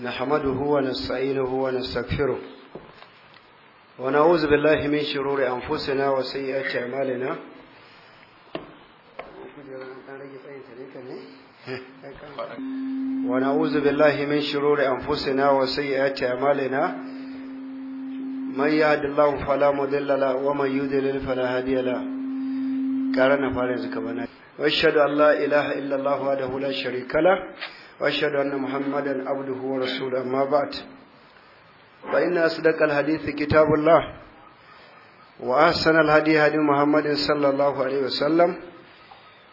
نحمده ونستعينه ونستغفره ونعوذ بالله من شرور أنفسنا وسيئات أعمالنا ونعوذ بالله من شرور أنفسنا وسيئات أعمالنا من يهد الله فلا مضل له ومن يضلل فلا هادي له قال نفارز كبنا واشهد ان لا اله الا الله وحده لا شريك له وأشهد أن محمدا عبده ورسوله ما بعد فإن أصدق الحديث كتاب الله وأحسن الهدي هدي محمد صلى الله عليه وسلم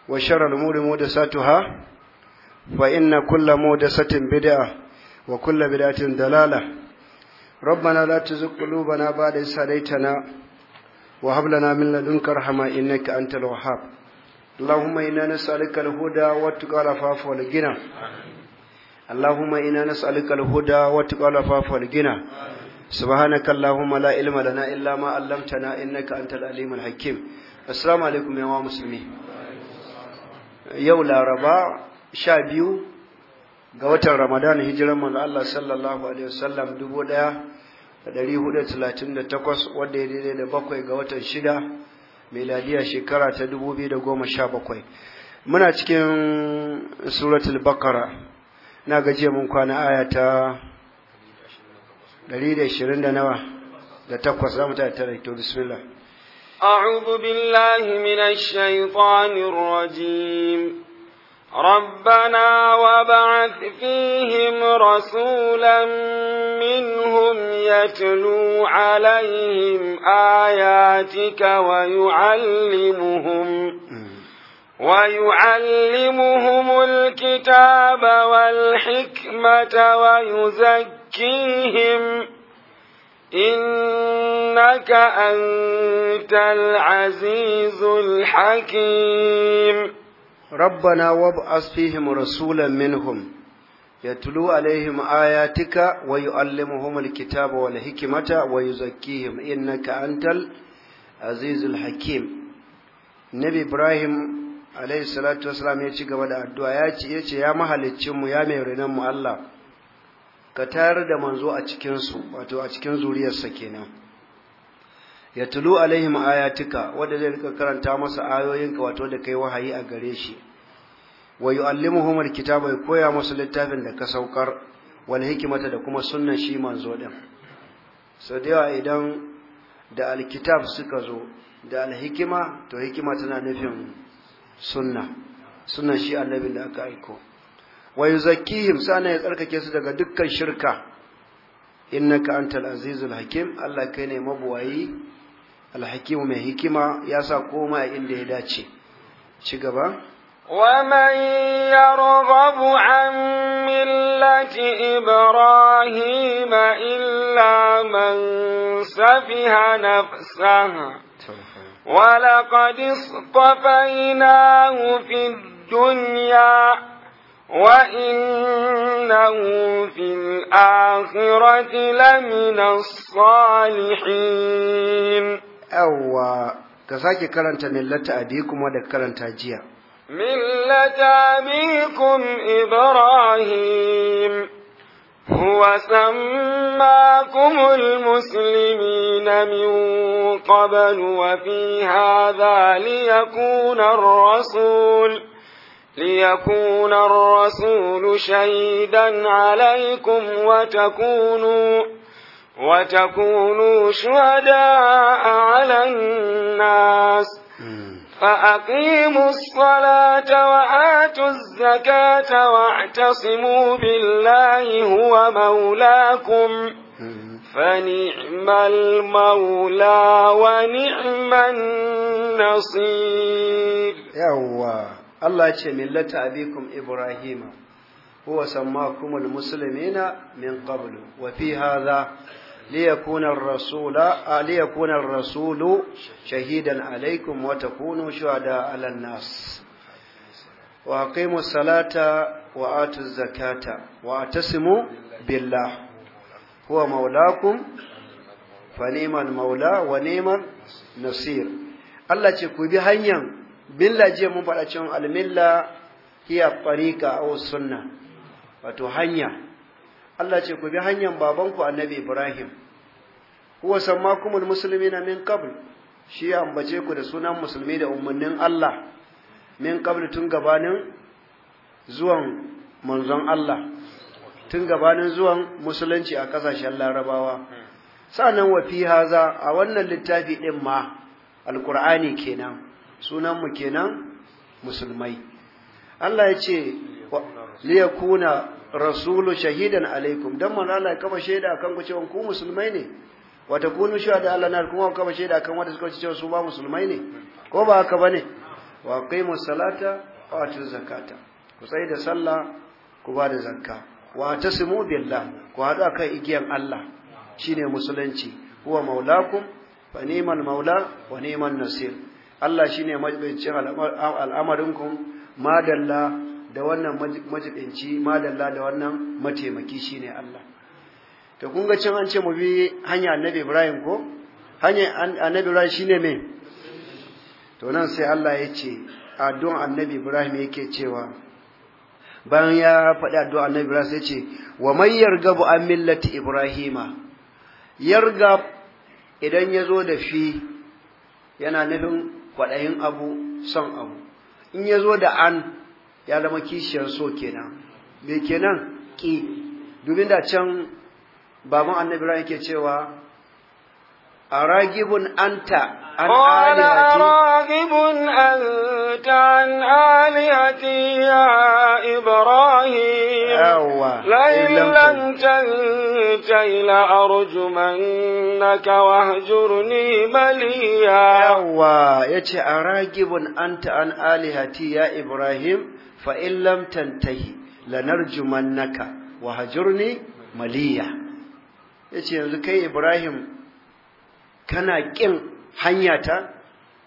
وشر الأمور محدثاتها فإن كل محدثة بدعة وكل بدعة ضلالة ربنا لا تزغ قلوبنا بعد إذ هديتنا وهب لنا من لدنك رحمة إنك أنت الوهاب اللهم إنا نسألك الهدى والتقى والعفاف والغنى اللهم إنا نسألك الهدى وتقال فاف والغنى سبحانك اللهم لا علم لنا إلا ما علمتنا إنك أنت العليم الحكيم السلام عليكم يا مسلمين يوم الأربعاء شابيو ga watan Ramadan hijiran manzo Allah sallallahu alaihi wasallam 1438 wanda ya daidai da bakwai ga watan shida miladiya shekara ta 2017 muna cikin suratul baqara na jiya mun kwana aya ta 120 da nawa da takwas za mu ta tare to bismillah أعوذ بالله من الشيطان الرجيم ربنا وبعث فيهم رسولا منهم يتلو عليهم آياتك ويعلمهم ويعلمهم الكتاب والحكمة ويزكيهم إنك أنت العزيز الحكيم ربنا وابعث فيهم رسولا منهم يتلو عليهم آياتك ويعلمهم الكتاب والحكمة ويزكيهم إنك أنت العزيز الحكيم نبي إبراهيم alaihi salatu wasalam ya ci gaba da addu'a ya ce ya ce, ya mahaliccin mu ya mai rinan mu Allah ka tayar da manzo a cikin su wato a cikin zuriyarsa kenan ya tulu alaihim ayatika wanda zai rika karanta masa ayoyinka wato da kai wahayi a gare shi wa yu'allimuhum alkitaba bai koya musu littafin da ka saukar wal hikimata da kuma sunnan shi manzo din so da idan da alkitab suka zo da alhikima to hikima tana nufin sunna sunna shi annabin da aka aiko wa yuzakkihim sana ya tsarkake su daga dukkan shirka innaka antal azizul hakim Allah kai ne mabuwayi Alhakim mai hikima ya sa koma inda ya dace ci gaba ومن يرغب عن ملة إبراهيم إلا من سفه نفسه ولقد اصطفيناه في الدنيا وإنه في الآخرة لمن الصالحين أو كذلك كرنت ملة أبيكم ودك كرنت أجيا ملة أبيكم إبراهيم هو سماكم المسلمين من قبل وفي هذا ليكون الرسول ليكون الرسول شهيدا عليكم وتكونوا وتكونوا شهداء على الناس فأقيموا الصلاة وآتوا الزكاة واعتصموا بالله هو مولاكم فنعم المولى ونعم النصير يوا الله يتشي ملة أبيكم إبراهيم هو سماكم المسلمين من قبل وفي هذا ليكون الرسول ليكون الرسول شهيدا عليكم وتكونوا شهداء على الناس واقيموا الصلاه واتوا الزكاه واعتصموا بالله هو مولاكم فنيما المولى ونيما النصير الله تكو بهنيا بالله جي مبارك الملة هي الطريقه او السنه وتو وتهنيا Allah ce ku bi hanyar babanku annabi Ibrahim huwa sammakumul muslimina min qabl shi ya ambace ku da sunan musulmi da umarnin Allah min qabl tun gabanin zuwan manzon Allah tun gabanin zuwan musulunci a kasashen Larabawa sanan wa fi haza a wannan littafi ɗin ma alqur'ani kenan sunan mu kenan musulmai Allah ya ce liyakuna rasulu shahidan alaikum dan manzo Allah ya kafa shaida akan ku cewa ku musulmai ne wata kunu shahada Allah na kuma kafa shaida akan wanda suka cewa su ba musulmai ne ko ba haka bane wa qimu salata wa atu zakata ku sai da sallah ku ba da zakka wa tasimu billah ku hada kai igiyan Allah shine musulunci huwa maulakum fa niman maula wa ni'man nasir Allah shine majibincin al'amarinku madalla da wannan majibinci madalla da wannan mataimaki shine Allah to kun ga cin an ce mu bi hanya annabi Ibrahim ko hanya annabi Ibrahim shine me to nan sai Allah ya ce addu'an annabi Ibrahim yake cewa bayan ya faɗi addu'an annabi Ibrahim sai ce wa mai yarga bu an millati Ibrahima yarga idan ya zo da fi yana nufin kwaɗayin abu son abu in ya zo da an ya zama kishiyar so kenan me kenan ki domin da can baban annabi ran yake cewa aragibun anta an alihati aragibun anta an alihati ya ibrahim yawa lailan tanta ila arjumannaka wahjurni maliya yawa yace aragibun anta an alihati ya ibrahim fa in lam tantahi wahajur wa hajurni maliya yace yanzu kai Ibrahim kana kin ta?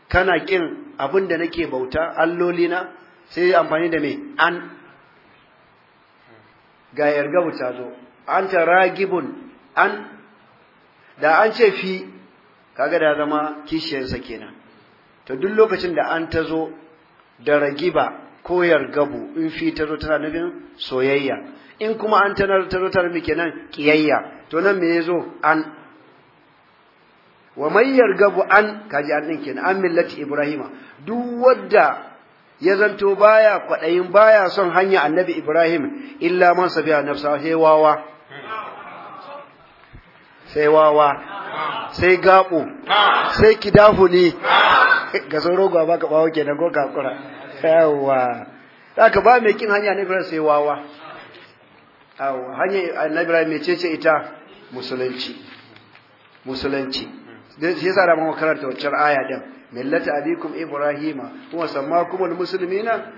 kana ƙin abin da nake bauta Alloli na? sai amfani da mai, an ga yargabu ta zo an ta ragibun an da an ce fi kaga da zama kishiyarsa kenan to duk lokacin da an ta zo da ragiba ko yargabu in fi tana nufin soyayya in kuma an tanar ta zo muke nan kiyayya to nan me yazo an wa man yargabu an kaji an din kenan an millati ibrahima duk wanda ya zanto baya kwadayin baya son hanya annabi ibrahim illa man sabiya nafsa sai wawa sai wawa sai gabo sai kidafuni ga sauro gwa baka bawo kenan ko kakura yawa ka ba mai kin hanya na Ibrahim sai wawa awa hanya na Ibrahim cece ita musulunci musulunci sai shi yasa da mun karanta waccan aya din millata abikum ibrahima huwa sammakumul muslimina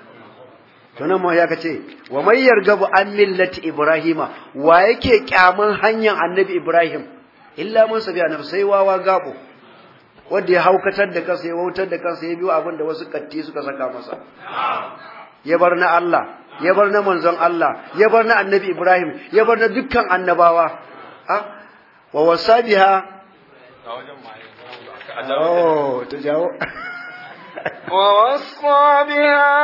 to nan ma ya kace wa may yargabu an millati ibrahima wa yake kyaman hanyar annabi ibrahim illa mun sabi annabi sai wawa gabo wanda ya haukatar da kansa ya wautar da kansa ya biyo abin da wasu katti suka saka masa ya bar na Allah ya bar na manzon Allah ya bar na annabi Ibrahim ya bar na dukkan annabawa wa wasabiha biha oh tajawo ووصى بها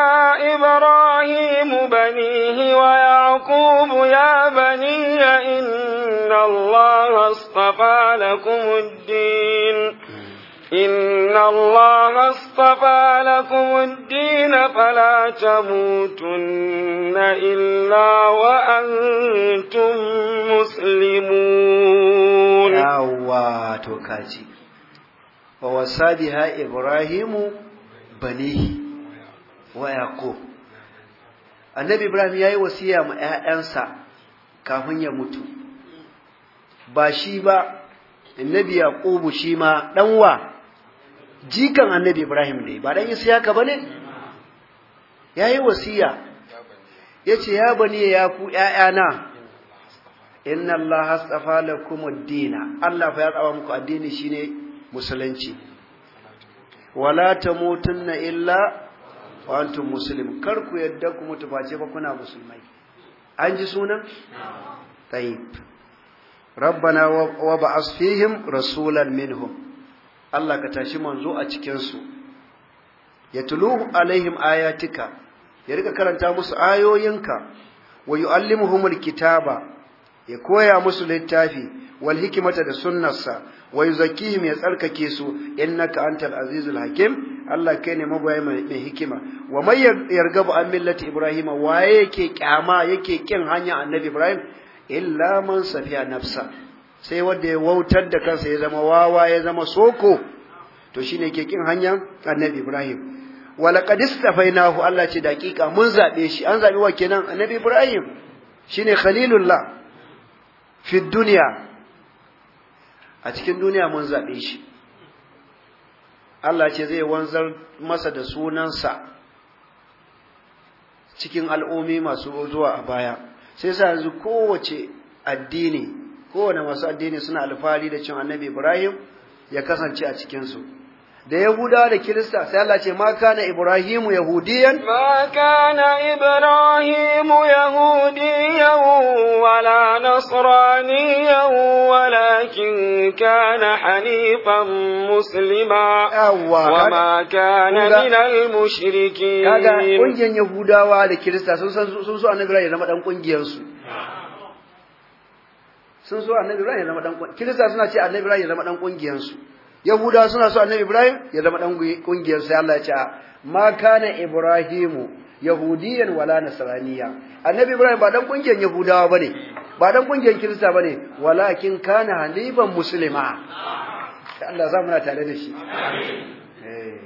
إبراهيم بنيه ويعقوب يا بني إن الله اصطفى لكم الدين إن الله اصطفى لكم الدين فلا تموتن إلا وأنتم مسلمون يوا توكاجي ووصى إبراهيم بنيه ويعقوب النبي إبراهيم يأي وسيا wasiya ma يموت باشيبا النبي mutu شيما shi jikan annabi Ibrahim ne ba dan yaka bane yayi wasiya yace ya bani ya ku ƴaƴana inna Allah astafa lakum ad-dina Allah fa ya tsawa muku addini shine musulunci wala tamutunna illa wa antum muslim kar ku yadda ku mutu face ba kuna musulmai an ji sunan tayyib rabbana wa ba'as fihim rasulan minhum Allah ka tashi manzo a cikinsu ya tuluhu alaihim ayatika ya rika karanta musu ayoyinka wa yu'allimuhumul kitaba ya koya musu littafi wal hikimata da sunnarsa wa yuzakkihim ya tsarkake su innaka antal azizul hakim Allah kai ne mabaya mai hikima wa may yargabu an millati ibrahim waye yake kyama yake kin hanya annabi ibrahim illa man safiya nafsa sai wanda ya wautar da kansa ya zama wawa ya zama soko to shine ke kin hanyar annabi Ibrahim walaqad istafainahu Allah ce daƙiƙa mun zabe shi an zabi wa kenan annabi Ibrahim shine khalilullah fi dunya a cikin duniya mun zabe shi Allah ce zai wanzar masa da sunansa cikin al'umi masu zuwa a baya sai sa yanzu kowace addini kowane masu addini suna alfahari da cin annabi Ibrahim ya kasance a cikinsu. Da Yahudawa da Kirista sai Allah ce ma kana Ibrahimu Yahudiyan ma kana Ibrahimu Yahudiyan wala Nasraniyan walakin kana hanifan muslima wa ma kana minal mushrikin kaga kungiyan Yahudawa da Kirista sun san sun so annabi Ibrahim da madan kungiyar sun so annabi Ibrahim ya zama dan Kirista suna ce annabi Ibrahim ya zama dan su. Yahudawa suna so annabi Ibrahim ya zama dan kungiyar sai Allah ya ce ma kana Ibrahimu yahudiyan wala nasraniya annabi Ibrahim ba dan kungiyar Yahudawa bane ba dan kungiyar Kirista bane walakin kana haliban muslima sai Allah za mu na tare da shi eh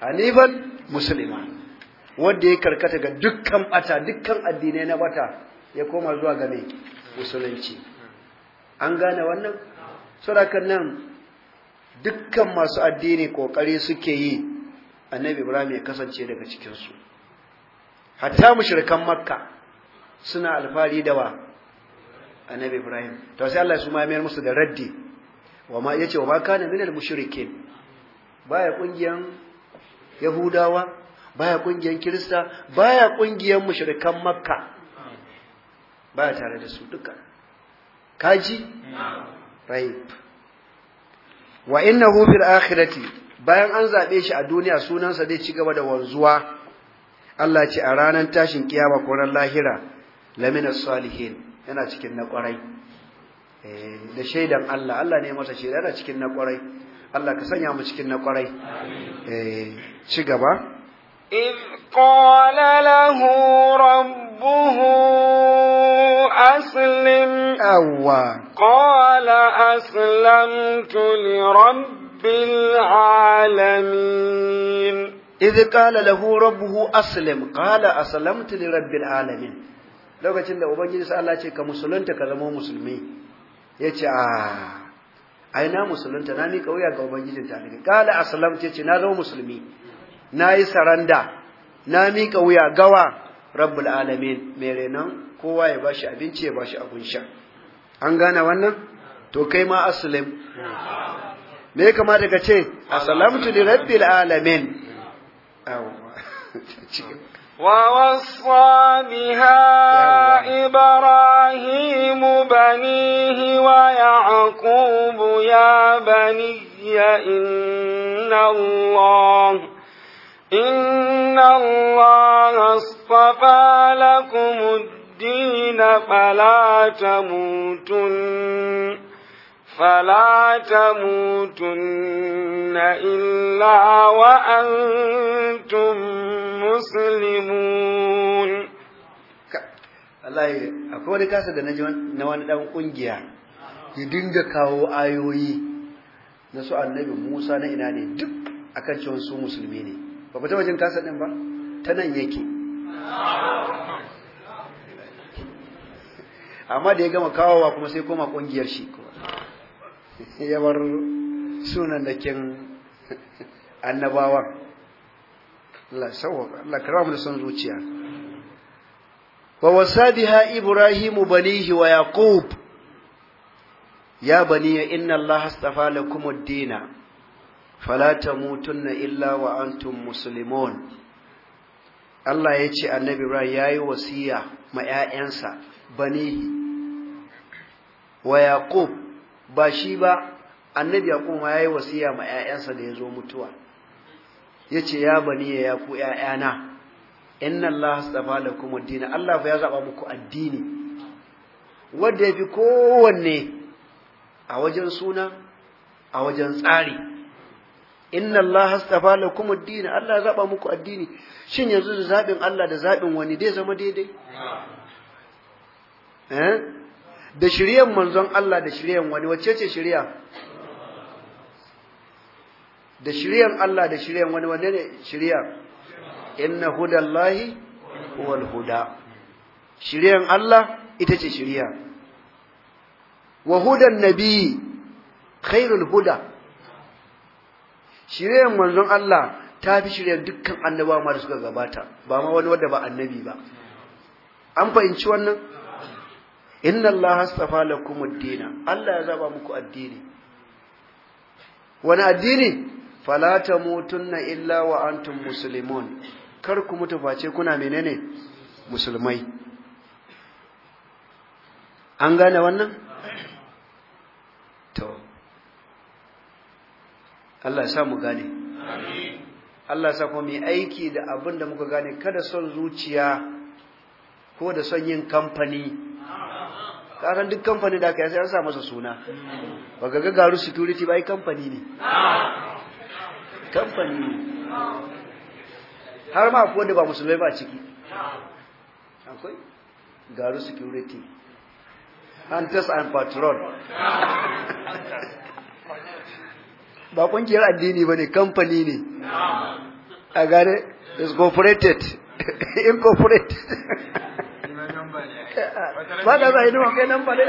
haliban muslima wanda ya karkata ga dukkan bata dukkan addinai na bata ya koma zuwa ga me musulunci an gane wannan saboda nan dukkan masu addini kokari suke yi annabi ibrahim ya kasance daga cikin su hatta mushrikan makka suna alfari da wa annabi ibrahim to sai Allah su ma mai musu da raddi wa ma yace wa ma kana al mushrikin baya kungiyan yahudawa baya kungiyan kirista baya kungiyan mushrikan makka baya tare da su duka kaji raib wa innahu fil akhirati bayan an zabe shi a duniya sunansa zai ci gaba da wanzuwa Allah ce a ranan tashin kiyama ko ran lahira lamina salihin yana cikin na kwarai eh da shaidan Allah Allah ne masa shaida yana cikin na kwarai Allah ka sanya mu cikin na kwarai eh ci gaba in qala lahu rabb ربه أسلم أوا قال أسلمت لرب العالمين إذ قال له ربه أسلم قال أسلمت لرب العالمين lokacin da ubangiji sai Allah ce ka musulunta ka zama musulmi yace a ai na musulunta na mika wuya ga ubangijin ta daga kala aslamta na zama musulmi nayi saranda na mika wuya gawa rabbul alamin mai renon kowa ya bashi abinci ya bashi abun sha an gane wannan to kai ma aslim me ya kamata ka ce aslamtu li rabbil alamin ووصى بها إبراهيم بنيه ويعقوب يا بني إن الله إن الله اصطفى لكم الدين فلا تموتن فلا تموتن إلا وأنتم مسلمون Allah akwai wani kasa da naji na wani dan ƙungiya ya dinga kawo ayoyi na su annabi Musa na ina ne duk akan cewa su musulmi ne ba ba ta wajen kasa ɗin ba ta nan yake amma da ya gama kawowa kuma sai koma ƙungiyar shi kuma ya sunan da kin annabawan Allah Allah kira mu da son zuciya wa wasadiha ibrahim banihi wa yaqub ya bani inna Allah astafa lakum ad-dina fala tamutunna illa wa antum Allah ya ce annabi Ibrahim ya yi wasiya ma ‘ya'yansa wa ba shi ba annabi Yaƙub ma ya yi wasiya ma ‘ya'yansa da ya zo mutuwa ya ce ya bani ya ya ku ‘ya'yana inna Allah astafa da kuma dina Allah fa ya zaɓa muku addini wanda ya fi kowanne a wajen suna a wajen tsari inna Allah astafa lakum ad-din Allah ya zaba muku addini shin yanzu da zabin Allah da zabin wani dai zama daidai eh da shiryan manzon Allah da shiryan wani wacce ce shiriya? da shiryan Allah da shiryan wani wanne ne shiriya? inna hudallahi huwal huda shiryan Allah ita ce shiriya? wa hudan nabi khairul huda shiryen manzon Allah ta fi shirya dukkan annabawa ma da suka gabata ba ma wani wanda ba annabi ba an fahimci wannan inna Allah astafa lakum ad-dina Allah ya zaba muku addini wani addini fala tamutunna illa wa antum muslimun kar ku mutu face kuna menene musulmai an gane wannan Allah ya sa mu gane Allah ya sa kuma mai aiki da abin da muka gane kada son zuciya ko da son yin kamfani kasan duk kamfani da aka yi sai an sa masa suna ba ga gagaru security ba yi kamfani ne kamfani ne har ma kuwa da ba musulmai ba ciki akwai garu security hunters and patrol ba kungiyar addini ba ne kamfani ne a gane is corporated incorporated ba da za a yi numa kai nan ba ne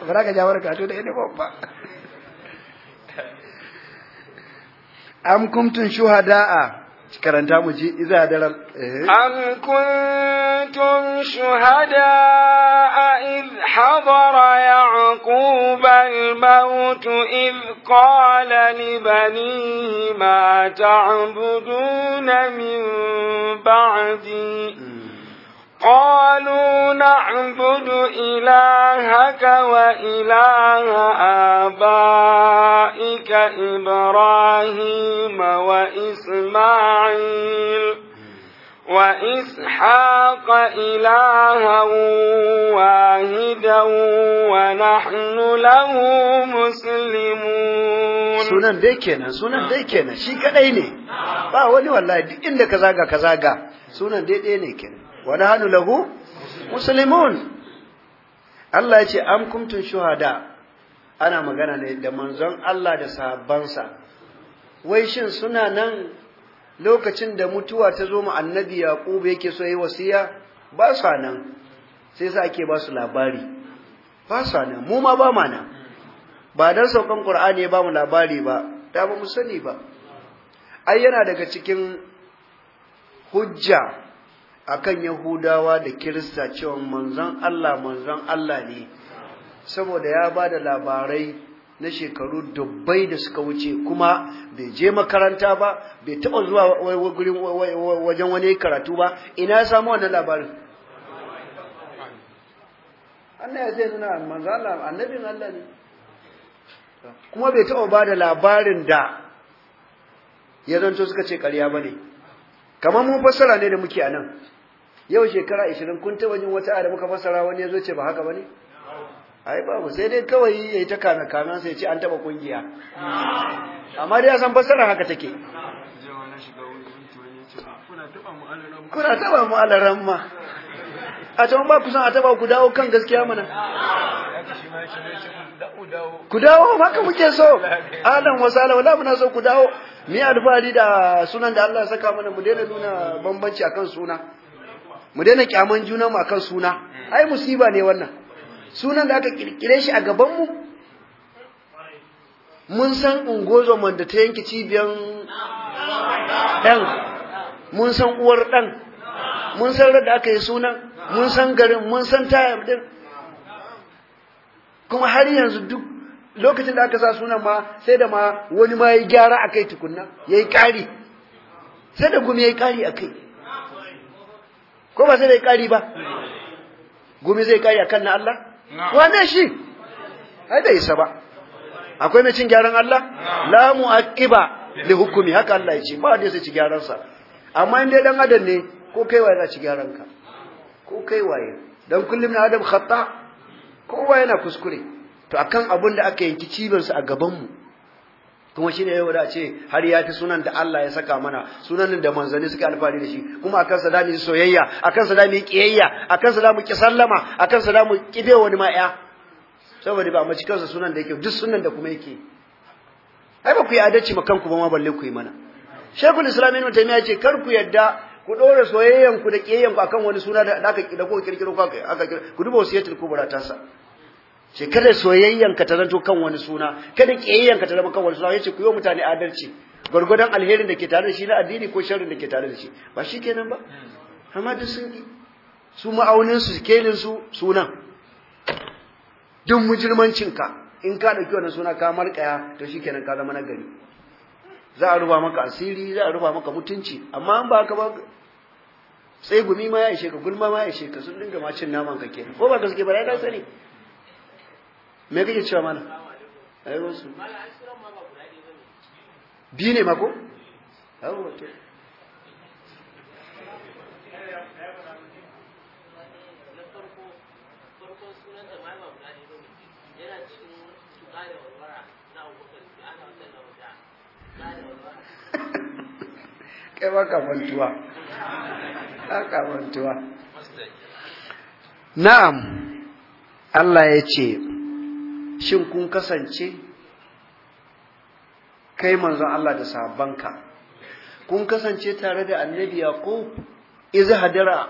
ba za ka jawar kato da yi ba am kumtun shuhada'a karanta mu ji iza daral am kuntum shuhada id hadara yaqub al maut id qala li bani ma ta'buduna min ba'di قالوا نعبد إلهك وإله آبائك إبراهيم وإسماعيل وإسحاق إلها واحدا ونحن له مسلمون sunan dai kenan sunan dai kenan shi kadai ne ba wani wallahi duk inda ka zaga ka zaga sunan dai ɗaya ne kenan Wani nahnu lahu muslimun Allah ya ce am kuntum shuhada ana magana ne da manzon Allah da sahabbansa wai shin suna nan lokacin da mutuwa ta zo mu annabi yaqub yake so yi wasiya ba sa nan sai sa ake ba su labari ba sa nan mu ma ba ma nan ba dan saukan qur'ani ya ba mu labari ba da ba mu sani ba ai yana daga cikin hujja akan Yahudawa da Kirista cewa manzon Allah manzon Allah ne saboda ya ba da labarai na shekaru dubbai da suka wuce kuma bai je makaranta ba bai taɓa zuwa wajen wani karatu ba ina ya samu wannan labarin Allah ya zai nuna manzon Allah annabin Allah ne kuma bai taɓa ba da labarin da ya zanto suka ce ƙarya ba ne kamar mun fassara ne da muke a nan yau shekara 20 kun taba jin wata da muka fassara wani yazo ce ba haka bane ai babu sai dai kawai yayi ta kana kana sai ya ce an taba kungiya amma dai san fassara haka take kuna taba mu alaran ma a can ba kusan a taba ku dawo kan gaskiya mana ku dawo haka muke so Adam wasala wala muna so ku dawo ni alfahari da sunan da Allah ya saka mana mu daina nuna bambanci akan suna mu daina kyaman junanmu akan suna hmm. ai musiba ne wannan sunan da aka kirkire shi a gaban mu. mun san man da ta yanke cibiyan ɗan mun san uwar ɗan mun san da aka yi sunan mun san garin mun san taya ɗin kuma har yanzu duk lokacin da aka sa sunan ma sai da ma wani ma ya gyara a kai tukunna ya yi sai da gumi ya yi ƙari ko ba zai kari ƙari ba gumi zai ƙari akan na Allah wane shi ai bai isa ba akwai mai cin gyaran Allah la mu'aqiba li hukumi haka Allah ya ce ba dai sai ci gyaran sa amma in dai dan adam ne ko kai waye za ci gyaran ka ko kai waye dan kullum na adam khata kowa yana kuskure to akan abun da aka yanki cibin sa a gaban mu kuma shine yau da ce har ya fi sunan da Allah ya saka mana sunan da manzanni suka alfahari da shi kuma akan sa da yi soyayya akan sa zamu yi kiyayya akan sa mu ki sallama akan sa mu kibe wani ma ya saboda ba mace kansa sunan da yake duk sunan da kuma yake ai ba ku yi adalci ma kanku ba ma balle ku yi mana shekul Islam Ibn ya ce kar ku yadda ku soyayyan ku da ku akan wani suna da aka da kirkiro ku aka ku duba wasiyatul kubra ta sa ce kada soyayyan ka ta zanto kan wani suna kada kiyayyan ka ta zama kan wani suna yace ku yi mutane adalci gwargwadon alherin da ke tare da shi na addini ko sharrin da ke tare da shi ba shi kenan ba amma duk sun yi su ma'aunin su kelin su sunan duk mujirmancin ka in ka dauki wannan suna ka markaya to shikenan ka zama nagari za a ruba maka asiri za a ruba maka mutunci amma an ba ka ba sai gumi ma ya ishe ka gulma ma ya ishe ka sun dinga ma cin naman ka kenan ko ba gaske ba ya dan sani me kake cewa mana ai wasu biyu ne mako yawo to kai kamantuwa ka mantuwa na'am Allah ya ce shin kun kasance kai manzon Allah da sabanka kun kasance tare da annabi yaqub iza hadara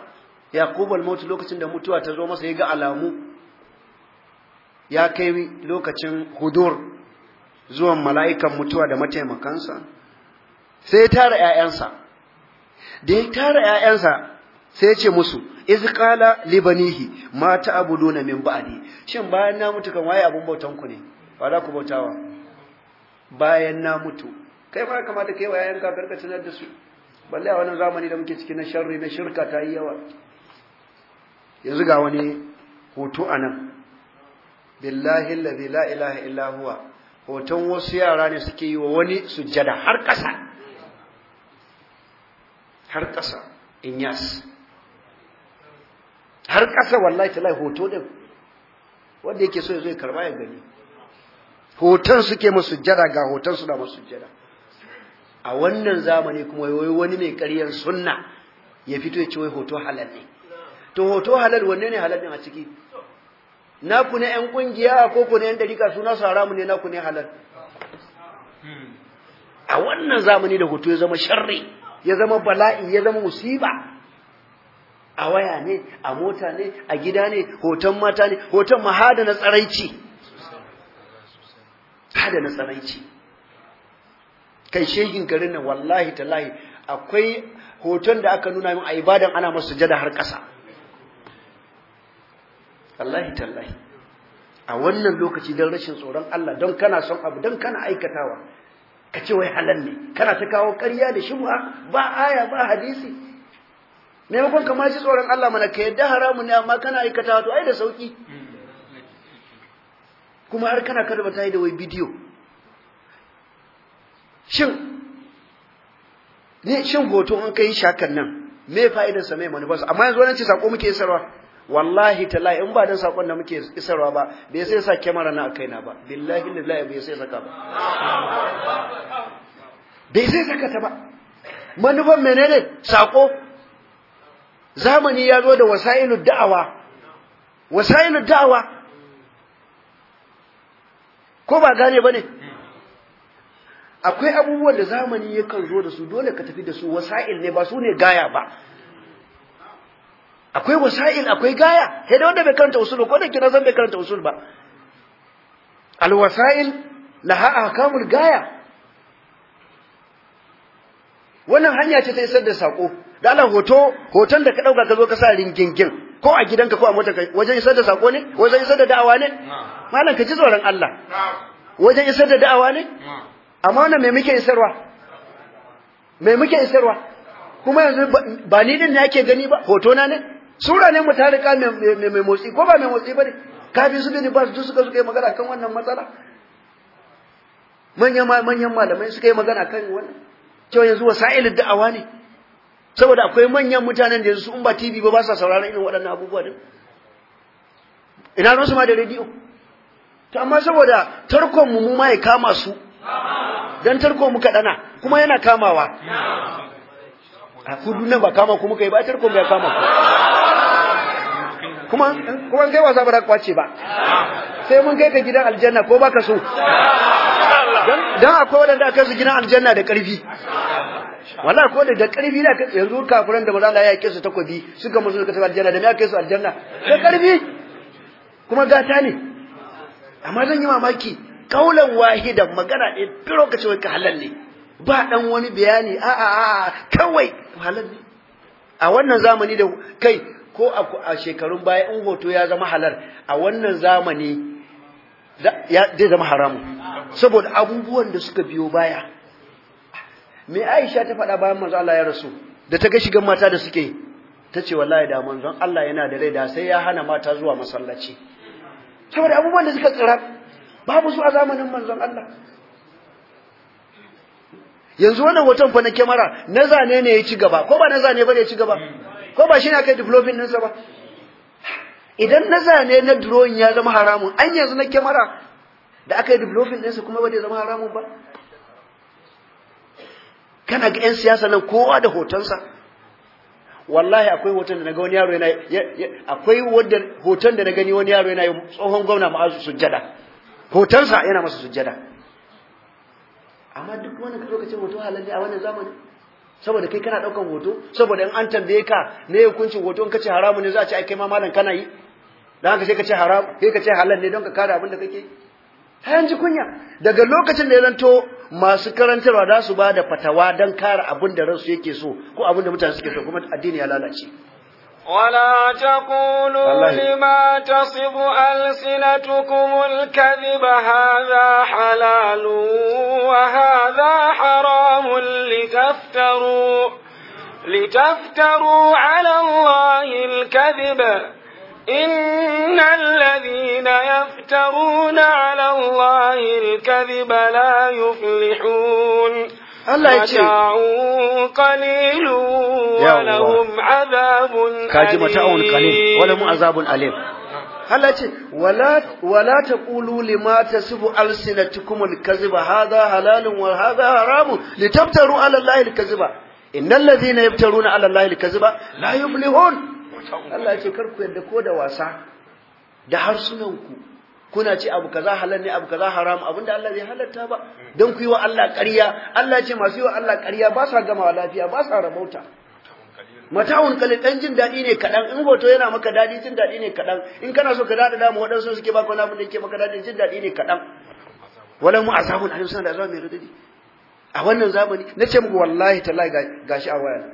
yaqub al-maut lokacin da mutuwa ta zo masa ya ga alamu ya kai lokacin hudur zuwan mala'ikan mutuwa da mataimakansa sai ya tara ƴaƴansa. da ya tara ‘ya'yansa sai ce musu iz libanihi li banihi ma ta'buduna min ba'di shin bayan na mutu kan waye abun bautan ku ne ba za ku bautawa bayan na mutu kai ma kamata kai wa yayan ka tunar da su balle a wannan zamani da muke ciki na sharri na shirka ta yi yawa yanzu ga wani hoto anan billahi allazi la ilaha hoton wasu yara ne suke yi wa wani sujjada har kasa har ƙasa inyas har ƙasa wallahi ta hoto ɗin, wanda yake so ya zo ya karba ya gani hoton suke musu jada ga hoton suna musu jada a wannan zamani kuma wai wani mai ƙaryar sunna ya fito ya ce wai hoto halal ne to hoto halal wanne ne halal din a ciki naku ne ƴan kungiya ko ku ne ƴan dariƙa suna su haramu ne naku ne halal a wannan zamani da hoto ya zama sharri ya zama bala'i ya zama musiba a waya ne a mota ne a gida ne hoton mata ne hoton ma hada na tsaraici hada na tsaraici kai shehin garin nan wallahi tallahi akwai hoton da aka nuna min a ibadan ana masa sujada har ƙasa wallahi tallahi a wannan lokaci don rashin tsoron Allah don kana son abu don kana aikatawa ka ce wai halal ne kana ta kawo ƙarya da shubha ba aya ba hadisi maimakon kama ma tsoron Allah mana ka yadda haramun ne amma kana aikata to ai da sauki kuma har kana karba ta yi da wai bidiyo shin ne shin hoto an kai shakan nan me fa'idar sa mai manufarsa amma yanzu wannan ce sako muke isarwa wallahi tallahi in ba dan sakon da muke isarwa ba bai sai sa kyamara na kai na ba billahi lillahi bai sai saka ba bai sai saka ta ba manufan menene sako zamani ya zo da wasailud da'awa wasailud da'awa ko ba gane bane akwai abubuwan da zamani yakan zo da su dole ka tafi da su wasail ne ba su ne gaya ba akwai wasail akwai gaya sai da wanda bai karanta usul ko da kina zan bai karanta usul ba al wasail laha ahkamul gaya wannan hanya ce ta isar da sako da Allah hoto hoton da ka dauka ka zo ka sa ringingin ko a gidanka ko a motarka wajen isar da sako ne wajen isar da da'awa ne malam ka ji tsoron Allah wajen isar da da'awa ne amma wannan me muke isarwa me muke isarwa kuma yanzu ba ni din ne ake gani ba hoto na ne sura ne mu ta me mai motsi ko ba mai motsi ba ne kafin su gani ba su suka suka yi magana kan wannan matsala manyan manyan malamai suka yi magana kan wannan Kyau yanzu wasa'ilin da'awa ne saboda akwai manyan mutanen da su umba TV ba ba sa sauraron irin waɗannan abubuwa din ina su ma da rediyo to amma saboda tarkon mu mu ya kama su dan tarkon mu kaɗana kuma yana kamawa a kudu nan ba kama kuma kai ba tarkon ya kama kuma kuma kai wasa ba da kwace ba sai mun kai ka gidan aljanna ko baka so dan akwai wadanda aka su gina aljanna da karfi wallahi ko da karfi da yanzu kafiran da manzo ya yake su takobi suka musu suka tafi aljanna da me yake su aljanna da karfi kuma gata ne amma zan yi mamaki kaulan wahida magana ɗaya duk lokacin wai ka halal ne ba dan wani bayani a a a kawai halal ne a wannan zamani da kai ko a shekarun baya in hoto ya zama halal a wannan zamani zai zama haramun saboda abubuwan da suka biyo baya me Aisha ta faɗa bayan manzo Allah ya rasu da ta ga shigan mata da suke ta ce wallahi da manzon Allah yana da rai da sai ya hana mata zuwa masallaci saboda abubuwan da suka tsira babu su a zamanin manzon Allah yanzu wannan hoton fa na kyamara na zane ne ya ci gaba ko ba na zane ba ya ci gaba ko ba shi na kai diflofin developing ɗinsa ba idan na zane na drone ya zama haramun an yanzu na kyamara da aka yi developing ɗinsa kuma ba zai zama haramun ba kana ga 'yan siyasa nan kowa da hotonsa wallahi akwai hoton da na ga wani yaro yana akwai hoton da na gani wani yaro yana yi tsohon gwamna ma'azu sujjada hotonsa yana masa sujjada amma duk wani ce hoto halalli a wannan zamani? saboda kai kana daukan hoto saboda in an tambaye ka ne hukuncin hoto in kace haramu ne za a ce ai kai ma malam kana yi da haka sai ka ce haram sai ka ce halal ne don ka kare abin da kake ta ji kunya daga lokacin da ya zanto masu karantarwa za su ba da fatawa don kare abin da ransu yake so ko abin da mutane suke so kuma addini ya lalace ولا تقولوا لما تصف ألسنتكم الكذب هذا حلال وهذا حرام لتفتروا لتفتروا على الله الكذب إن الذين يفترون على الله الكذب لا يفلحون متاع قليل ولهم ولهم عذاب أليم Allah ce wala ta ƙulu lima ta sifu alsinatukum alkaziba haza halalin wa haza haramun litaftaru ala allahi alkaziba innal ladhina yaftaruna ala allahi alkaziba la yuflihun Allah ya ce kar ku yadda ko da wasa da harsunanku kuna ce abu kaza halal ne abu kaza haram abinda Allah zai halatta ba don ku yi wa Allah ƙarya Allah ce masu yi wa Allah ƙarya ba sa gamawa lafiya ba sa rabauta mata'un kalil dan jin daɗi ne kaɗan in hoto yana maka daɗi jin daɗi ne kaɗan in kana so ka daɗa mu wadansu suke baka wani abin da yake maka daɗi jin daɗi ne kaɗan wala mu asabun alim sana da azabun mai radadi a wannan zamani na ce muku wallahi ga gashi a waya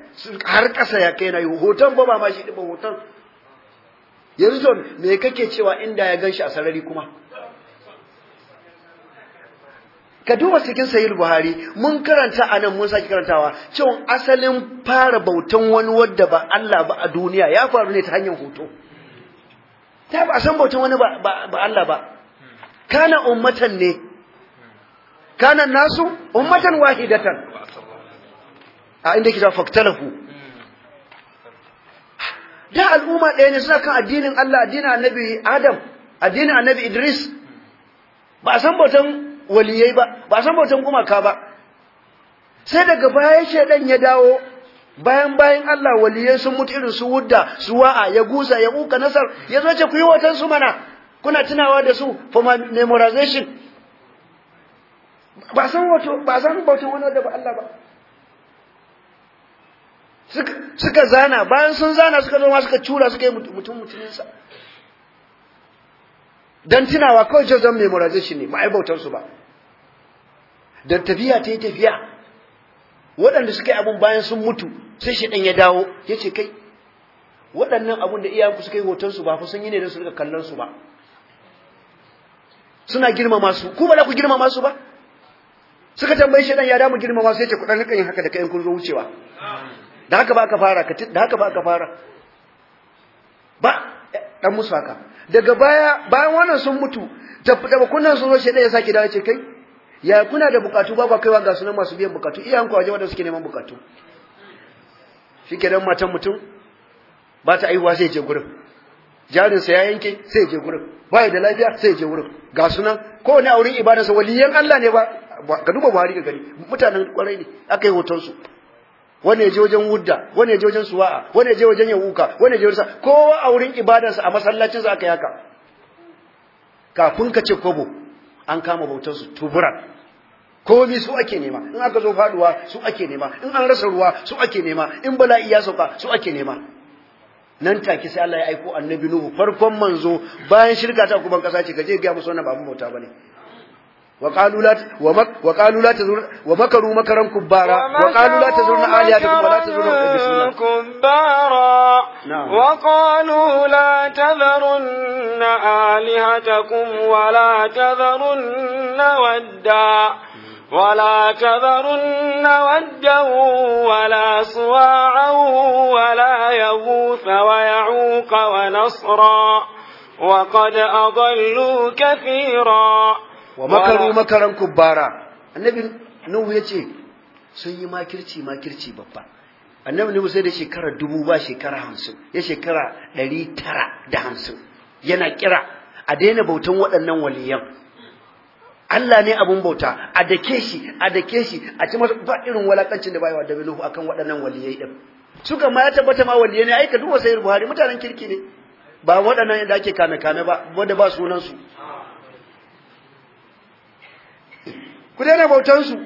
har ƙasa ya kai na yi hoton ba ba ma shi hoton yanzu john me kake cewa inda ya ganshi a sarari kuma ka duba cikin sayil buhari mun karanta a nan mun saki karantawa cewa asalin fara bautan wani wadda ba Allah ba a duniya ya faru ne ta hanyar hoto ta ba san bautan wani ba Allah ba kana ummatan ne kana nasu ummatan wahidatan a inda kisa faktalafu da al'umma ɗaya ne suna kan addinin Allah addinin annabi Adam addinin annabi Idris ba a san bautan waliyai ba ba a san bautan gumaka ba sai daga baya shedan ya dawo bayan bayan Allah waliyai sun mutu irin su wudda su wa'a ya gusa ya uka nasar ya zo ce ku yi watan su mana kuna tunawa da su for memorization ba san wato ba san bautan wani wanda ba Allah ba suka zana bayan sun zana suka zo ma suka cura suka yi mutum mutuminsa don tunawa kawai mai don shi ne ma'aibautansu ba don tafiya ta yi tafiya waɗanda suka yi abun bayan sun mutu sai shi ɗan ya dawo ya ce kai waɗannan abun da iyayenku suka yi hotonsu ba fa sun yi ne don su rika kallon su ba suna girmama su ku ba za ku girmama su ba suka tambayi shedan ya damu girmama sai ce ku dan rika yin haka da kai kun zo wucewa da haka ba ka fara ka da haka ba ka fara ba dan musu haka daga baya bayan wannan sun mutu da kunan sun zo shedan ya saki dawo ce kai ya kuna da bukatu ba ba kaiwa ga sunan masu biyan bukatu iyayen ku waje wanda suke neman bukatu dan matan mutum ba ta aihuwa sai je gurin jarinsa ya yanke sai je gurin baya da lafiya sai je gurin ga sunan kowane auren ibadarsa waliyan Allah ne ba ka duba buhari ga gani mutanen kwarai ne aka yi hoton su je wajen wudda wane je wajen suwa'a wane je wajen yawuka wane je wajen kowa a wurin ibadarsa a masallacinsa aka yaka kafin ka ce kobo an kama bautar su tuburan komi su ake nema in aka zo faduwa su ake nema in an rasa ruwa su ake nema in bala'i ya sauka su ake nema nan take sai Allah ya aiko annabi Nuhu farkon manzo bayan shirka ta kuban kasa ce gaje ga musu wannan babu bauta bane وقالوا لا وقالوا لا تزور ومكروا مكرا كبارا وقالوا لا تزورن آلهتكم ولا تزورن كبارا نعم. وقالوا لا تذرن آلهتكم ولا تذرن ودا ولا تذرن ودا ولا سواعا ولا يغوث ويعوق ونصرا وقد أضلوا كثيرا wa makaru makaran kubbara annabi nuhu ya ce sun yi makirci makirci babba annabi nuhu sai da shekara dubu ba shekara hamsin ya shekara ɗari tara da hamsin yana kira a daina bautan waɗannan waliyan Allah ne abun bauta a dake shi a dake shi a ci masa ba irin walakancin da bayawa da nuhu akan waɗannan waliyai din suka ma ya tabbata ma waliyai ne ai ka duba sayyid buhari mutanen kirki ne ba waɗannan da ake kame kame ba wanda ba sunan su ku daina bautan su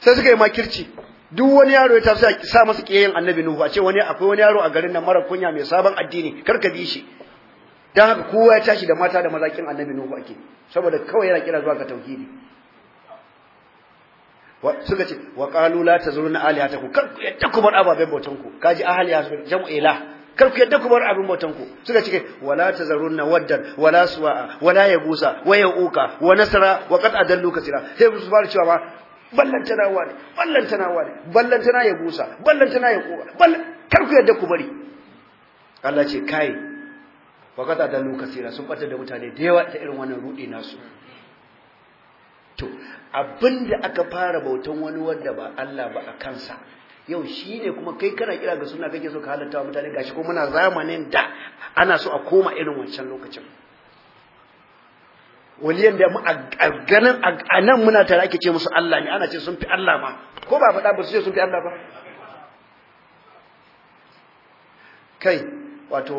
sai suka yi makirci duk wani yaro ya tafi sai sa masa kiyayen annabi nuhu a ce wani akwai wani yaro a garin nan mara kunya mai sabon addini kar ka bi shi dan haka kowa ya tashi da mata da kin annabi nuhu ake saboda kawai yana kira zuwa ga tauhidi suka ce wa qalu la tazuruna aliyatakum kar ku yadda ku bar ababen bautan ku kaji ahliya jam'u ilah kar ku yadda ku bar abin bautan ku suka ce wala tazarunna waddan wala suwa'a wala yagusa waya uka, wa nasara wa qad adallu kasira sai su fara cewa ba ballantana wani ballantana wani ballantana yagusa ballantana yaquba kar ku yadda ku bari Allah ce kai wa qad adallu kasira sun bata da mutane da yawa ta irin wannan rudi nasu to abinda aka fara bautan wani wanda ba Allah ba a kansa yau shi ne kuma kai kana kira ga suna kake so ka halatta wa mutane gashi ko muna zamanin da ana so a koma irin wancan lokacin waliyan da a ganin a nan muna tare ake ce musu Allah ne ana ce sun fi Allah ma ko ba faɗa ba su ce sun fi Allah ba kai wato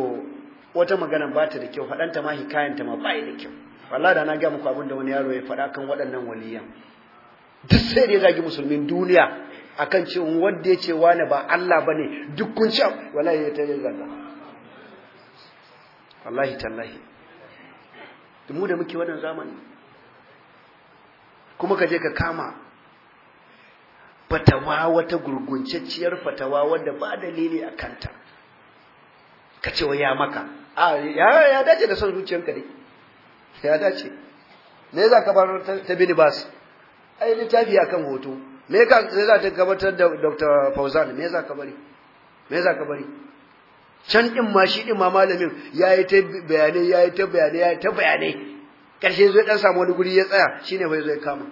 wata magana ba ta da kyau faɗanta ma hikayanta ma ba da kyau wallahi da na ga muku abin da wani yaro ya faɗa kan waɗannan waliyan duk sai da ya zagi musulmin duniya akan ce wanda ya ce wani ba Allah ba ne duk kun ci wallahi ya ta zanga wallahi tallahi mu da muke wannan zamani kuma ka je ka kama fatawa wata gurguncecciyar fatawa wadda ba dalili a kanta ka ce wa ya maka a ya dace da son zuciyarka dai ya dace me za ka bar ta bini bas yi littafi kan hoto me ka sai za ta gabatar da Dr. Fauzan me za ka bari me za ka bari can din ma shi din ma malamin yayi ta bayanai yayi ta bayanai yayi ta bayanai karshe zai dan samu wani guri ya tsaya shine bai zai kama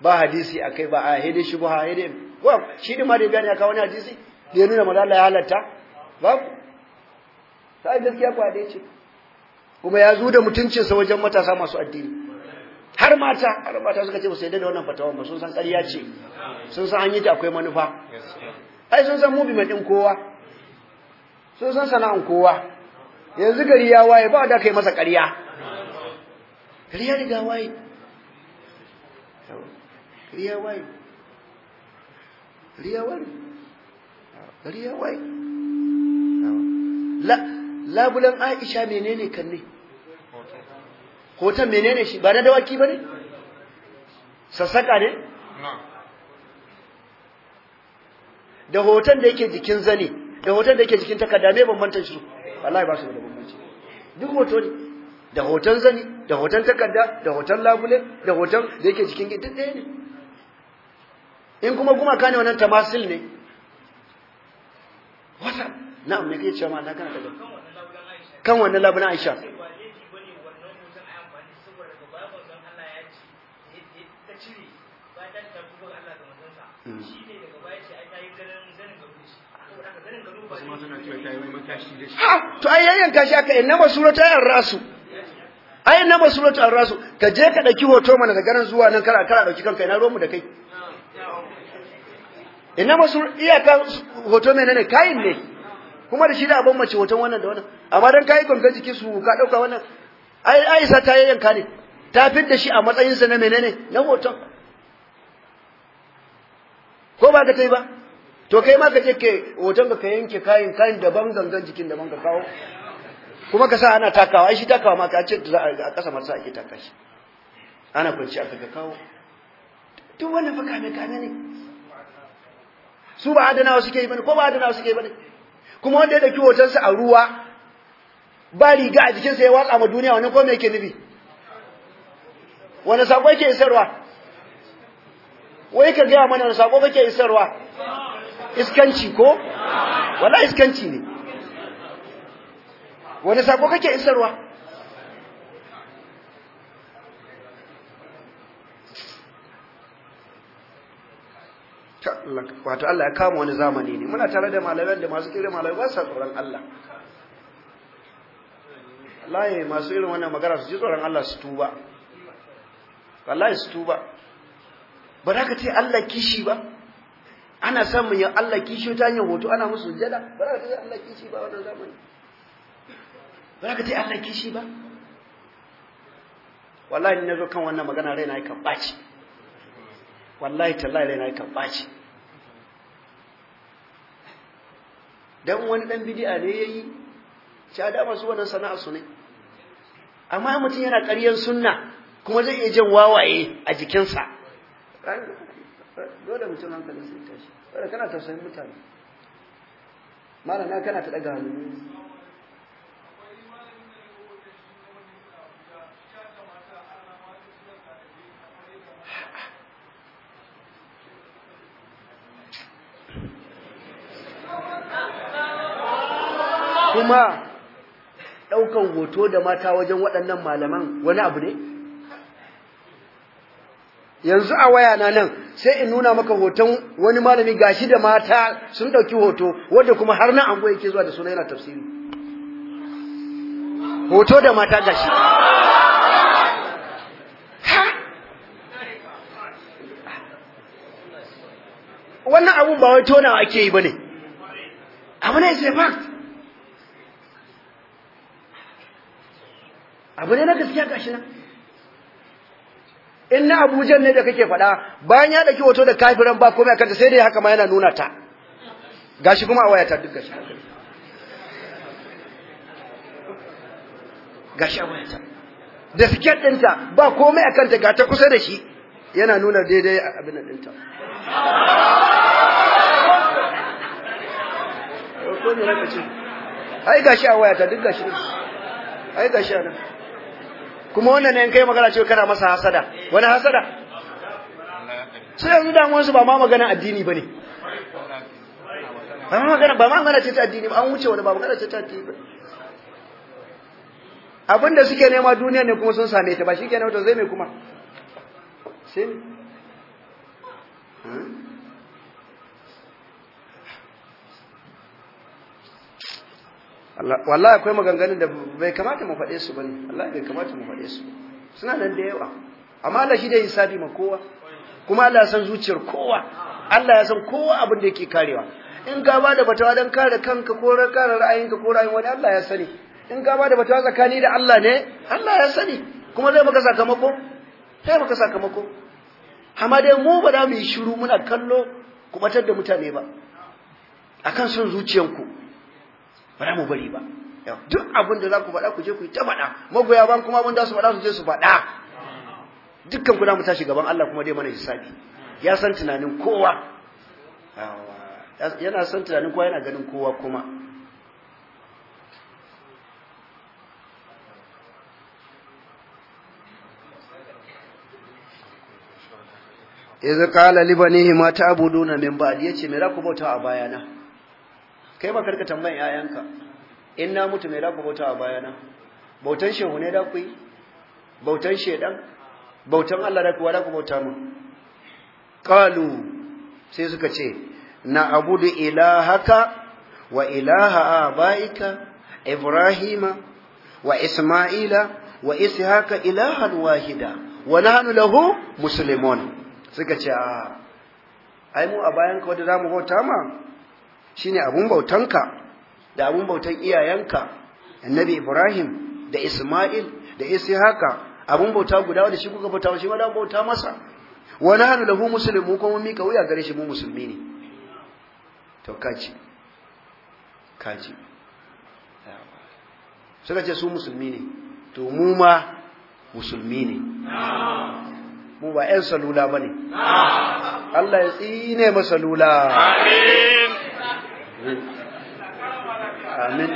ba hadisi akai ba a hede shi ba hede ba shi din ma da gani aka wani hadisi da ya nuna manzo Allah ya halatta ba sai gaskiya ko ce kuma ya zo da mutuncinsa wajen matasa masu addini har mata har mata suka ce ba su yadda da wannan fatawan ba sun san ƙarya ce sun san an yi ta akwai manufa ai sun san mubi ɗin kowa sun san sana'an kowa yanzu gari ya waye ba da kai masa ƙarya gari ya riga waye gari ya waye gari ya waye gari ya waye labulan Aisha menene kan ne hoton menene shi ba na dawaki ba ne sassaka ne da hoton da yake jikin zane da hoton da yake jikin takarda me bambantan su wallahi ba su da bambanci duk hoto ne da hoton zane da hoton takarda da hoton labule da hoton da yake jikin gidan ɗaya ne in kuma kuma ne wannan tamasil ne wata na amurka kai cewa ma na kana daga kan wannan labulan Aisha yi hmm. to ai yayin kashi aka inna ta an rasu ai inna masurata an rasu ka je ka dauki hoto mana daga nan zuwa nan kara kara dauki kanka ina ruwan mu da kai inna masur ka hoto mai ne kayin ne kuma da shi da abun mace hoton wannan da wannan amma dan kai gonga jiki su ka dauka wannan ai Aisha ta ka ne ta fitta shi a matsayin sa na menene na hoton ko ba ka tai ba to kai ma ka je ke hoton ka yanke kayan kayan daban gangan jikin daban ka kawo kuma ka sa ana takawa shi takawa ma ka ce za a kasa marsa ake taka shi ana kwanci aka ga kawo duk wannan fa kame kame ne su ba adana wasu suke yi bane ko ba adana wasu suke yi bane kuma wanda ya dauki sa a ruwa ba riga a jikinsa ya watsa ma duniya wannan ko me ke nufi wani sakwai ke isarwa wai ka gaya mana sako kake isarwa iskanci ko wala iskanci ne wani sako kake isarwa wato Allah ya kama wani zamani ne muna tare da malamai da masu kire malamai ba sa tsoron Allah wallahi masu irin wannan magana su ji tsoron Allah su tuba wallahi su tuba ba za ka ce Allah kishi ba ana samun ya Allah kishi ta hanyar hoto ana musu jada, ba za ka ce Allah kishi ba wannan zamani ba za ka ce Allah kishi ba wallahi na zo kan wannan magana raina kan ɓaci wallahi tallahi raina kan ɓaci dan wani dan bid'a ne yayi cha dama su wannan sana'a su ne amma mutum yana ƙaryar sunna kuma zai iya jin wawaye a jikinsa dole mutum hankali sai ta daga hannu kuma ɗaukan hoto da mata wajen waɗannan malaman wani abu ne yanzu a waya na nan sai in nuna maka hoton wani malami gashi da mata sun ɗauki hoto wanda kuma har na ango yake zuwa da suna yana tafsiri hoto da mata gashi wannan abu ba wai tona ake yi bane abu ne sai fact abu ne na gaskiya gashi na in na abujan ne da kake faɗa bayan ya ɗauki hoto da kafiran ba komai kanta sai dai haka ma yana nuna ta gashi kuma a wayata duk gashi gashi a wayata da siket ɗinta ba komai a ta, ga ta kusa da shi yana nuna daidai abin ɗinta ai gashi a wayata duk gashi ai gashi a nan kuma wannan ne in kai magana ce kana masa hasada wani hasada sai yanzu damuwar su ba ma magana addini bane ba ma magana ba ma magana ce ta addini ba an wuce wani ba magana ce ta addini ba abinda suke nema duniya ne kuma sun same ta ba shikenan to zai mai kuma sai wallahi akwai maganganun da bai kamata mu faɗe su bane Allah bai kamata mu faɗe su suna nan da yawa amma Allah shi da hisabi ma kowa kuma Allah ya san zuciyar kowa Allah ya san kowa abin da yake karewa in ka bada fatawa dan kare kanka ko kare ra'ayinka ko ra'ayin wani Allah ya sani in ka bada fatawa tsakani da Allah ne Allah ya sani kuma zai maka sakamako zai maka sakamako amma dai mu ba za mu yi shiru muna kallo ku batar da mutane ba akan son zuciyanku ba mu bari ba duk abin da za ku faɗa ku je ku yi ta faɗa magoya ban kuma abin da su faɗa su je su faɗa dukkan ku mu tashi gaban Allah kuma dai mana hisabi ya san tunanin kowa yana san tunanin kowa yana ganin kowa kuma إذ قال لبنيه ما تعبدون من بعد يتي bauta بوتا أبايانا kai ba karka tambayan yayanka in na mutu mai daku bauta a bayana bautan shehu ne da ku yi bautan shedan bautan Allah da kuwa da ku bauta mu qalu sai suka ce na abudu ilahaka wa ilaha abaika ibrahima wa isma'ila wa haka ilahan wahida wa nahnu lahu muslimun suka ce a ai mu a bayan ka wanda zamu bauta ma shine abun bautanka da abun bautan iyayenka annabi Ibrahim da Ismail da ishaqa abun bauta guda wanda shi kuka bauta shi ma da bauta masa wa nahnu lahu muslimu kuma mun mika wuya gare shi mu musulmi ne to kaji kaji suka ce su musulmi ne to mu ma musulmi ne mu ba ƴan salula ba ne Allah ya tsine lula amin amin amin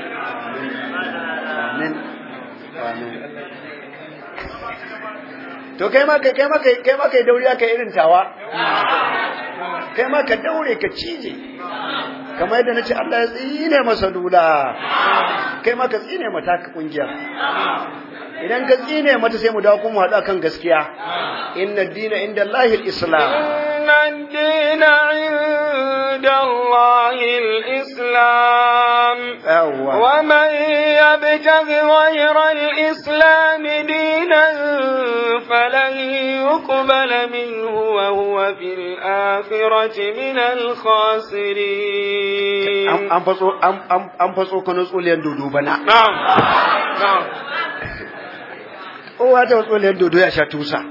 amin to kai ma kai ma kai ma kai dauri aka irin tawa kai ma ka daure ka cije kamar yadda nace Allah ya tsine masa dula kai ma ka tsine mata ka kungiya idan gaske ne mata sai mu dawo kuma haɗu akan gaskiya inna dina inda Allahi islam inna dina inda Allahi islam wa man yabtaghi ghayra al-islam dinan falan yuqbal minhu wa huwa fil akhirati min al-khasirin an fatso an fatso kana tsuliyan dudu bana na'am na'am wa ta wasu dodo ya sha tusa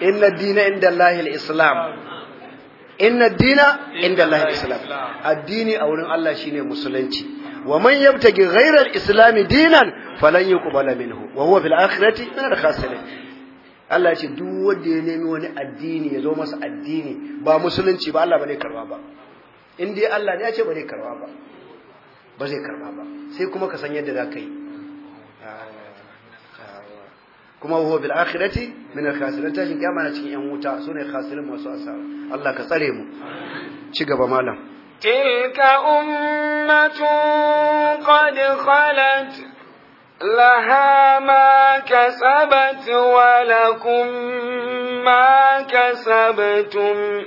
inna dina inda Allah Islam inna dina inda Allah Islam addini a wurin Allah shine musulunci wa man yabtagi ghayra al-islam dinan falan yuqbala minhu wa huwa fil akhirati min al-khasirin Allah ce duk wanda ya nemi wani addini ya zo masa addini ba musulunci ba Allah ba zai karba ba in dai Allah ne ya ce ba zai karba ba ba zai karba ba sai kuma ka san yadda za ka yi kuma huwa bil akhirati min al khasirin tashin kiyama na cikin yan wuta sune khasirin masu asara Allah ka tsare mu ci gaba malam tilka ummatun qad khalat laha ma kasabat wa lakum ma kasabtum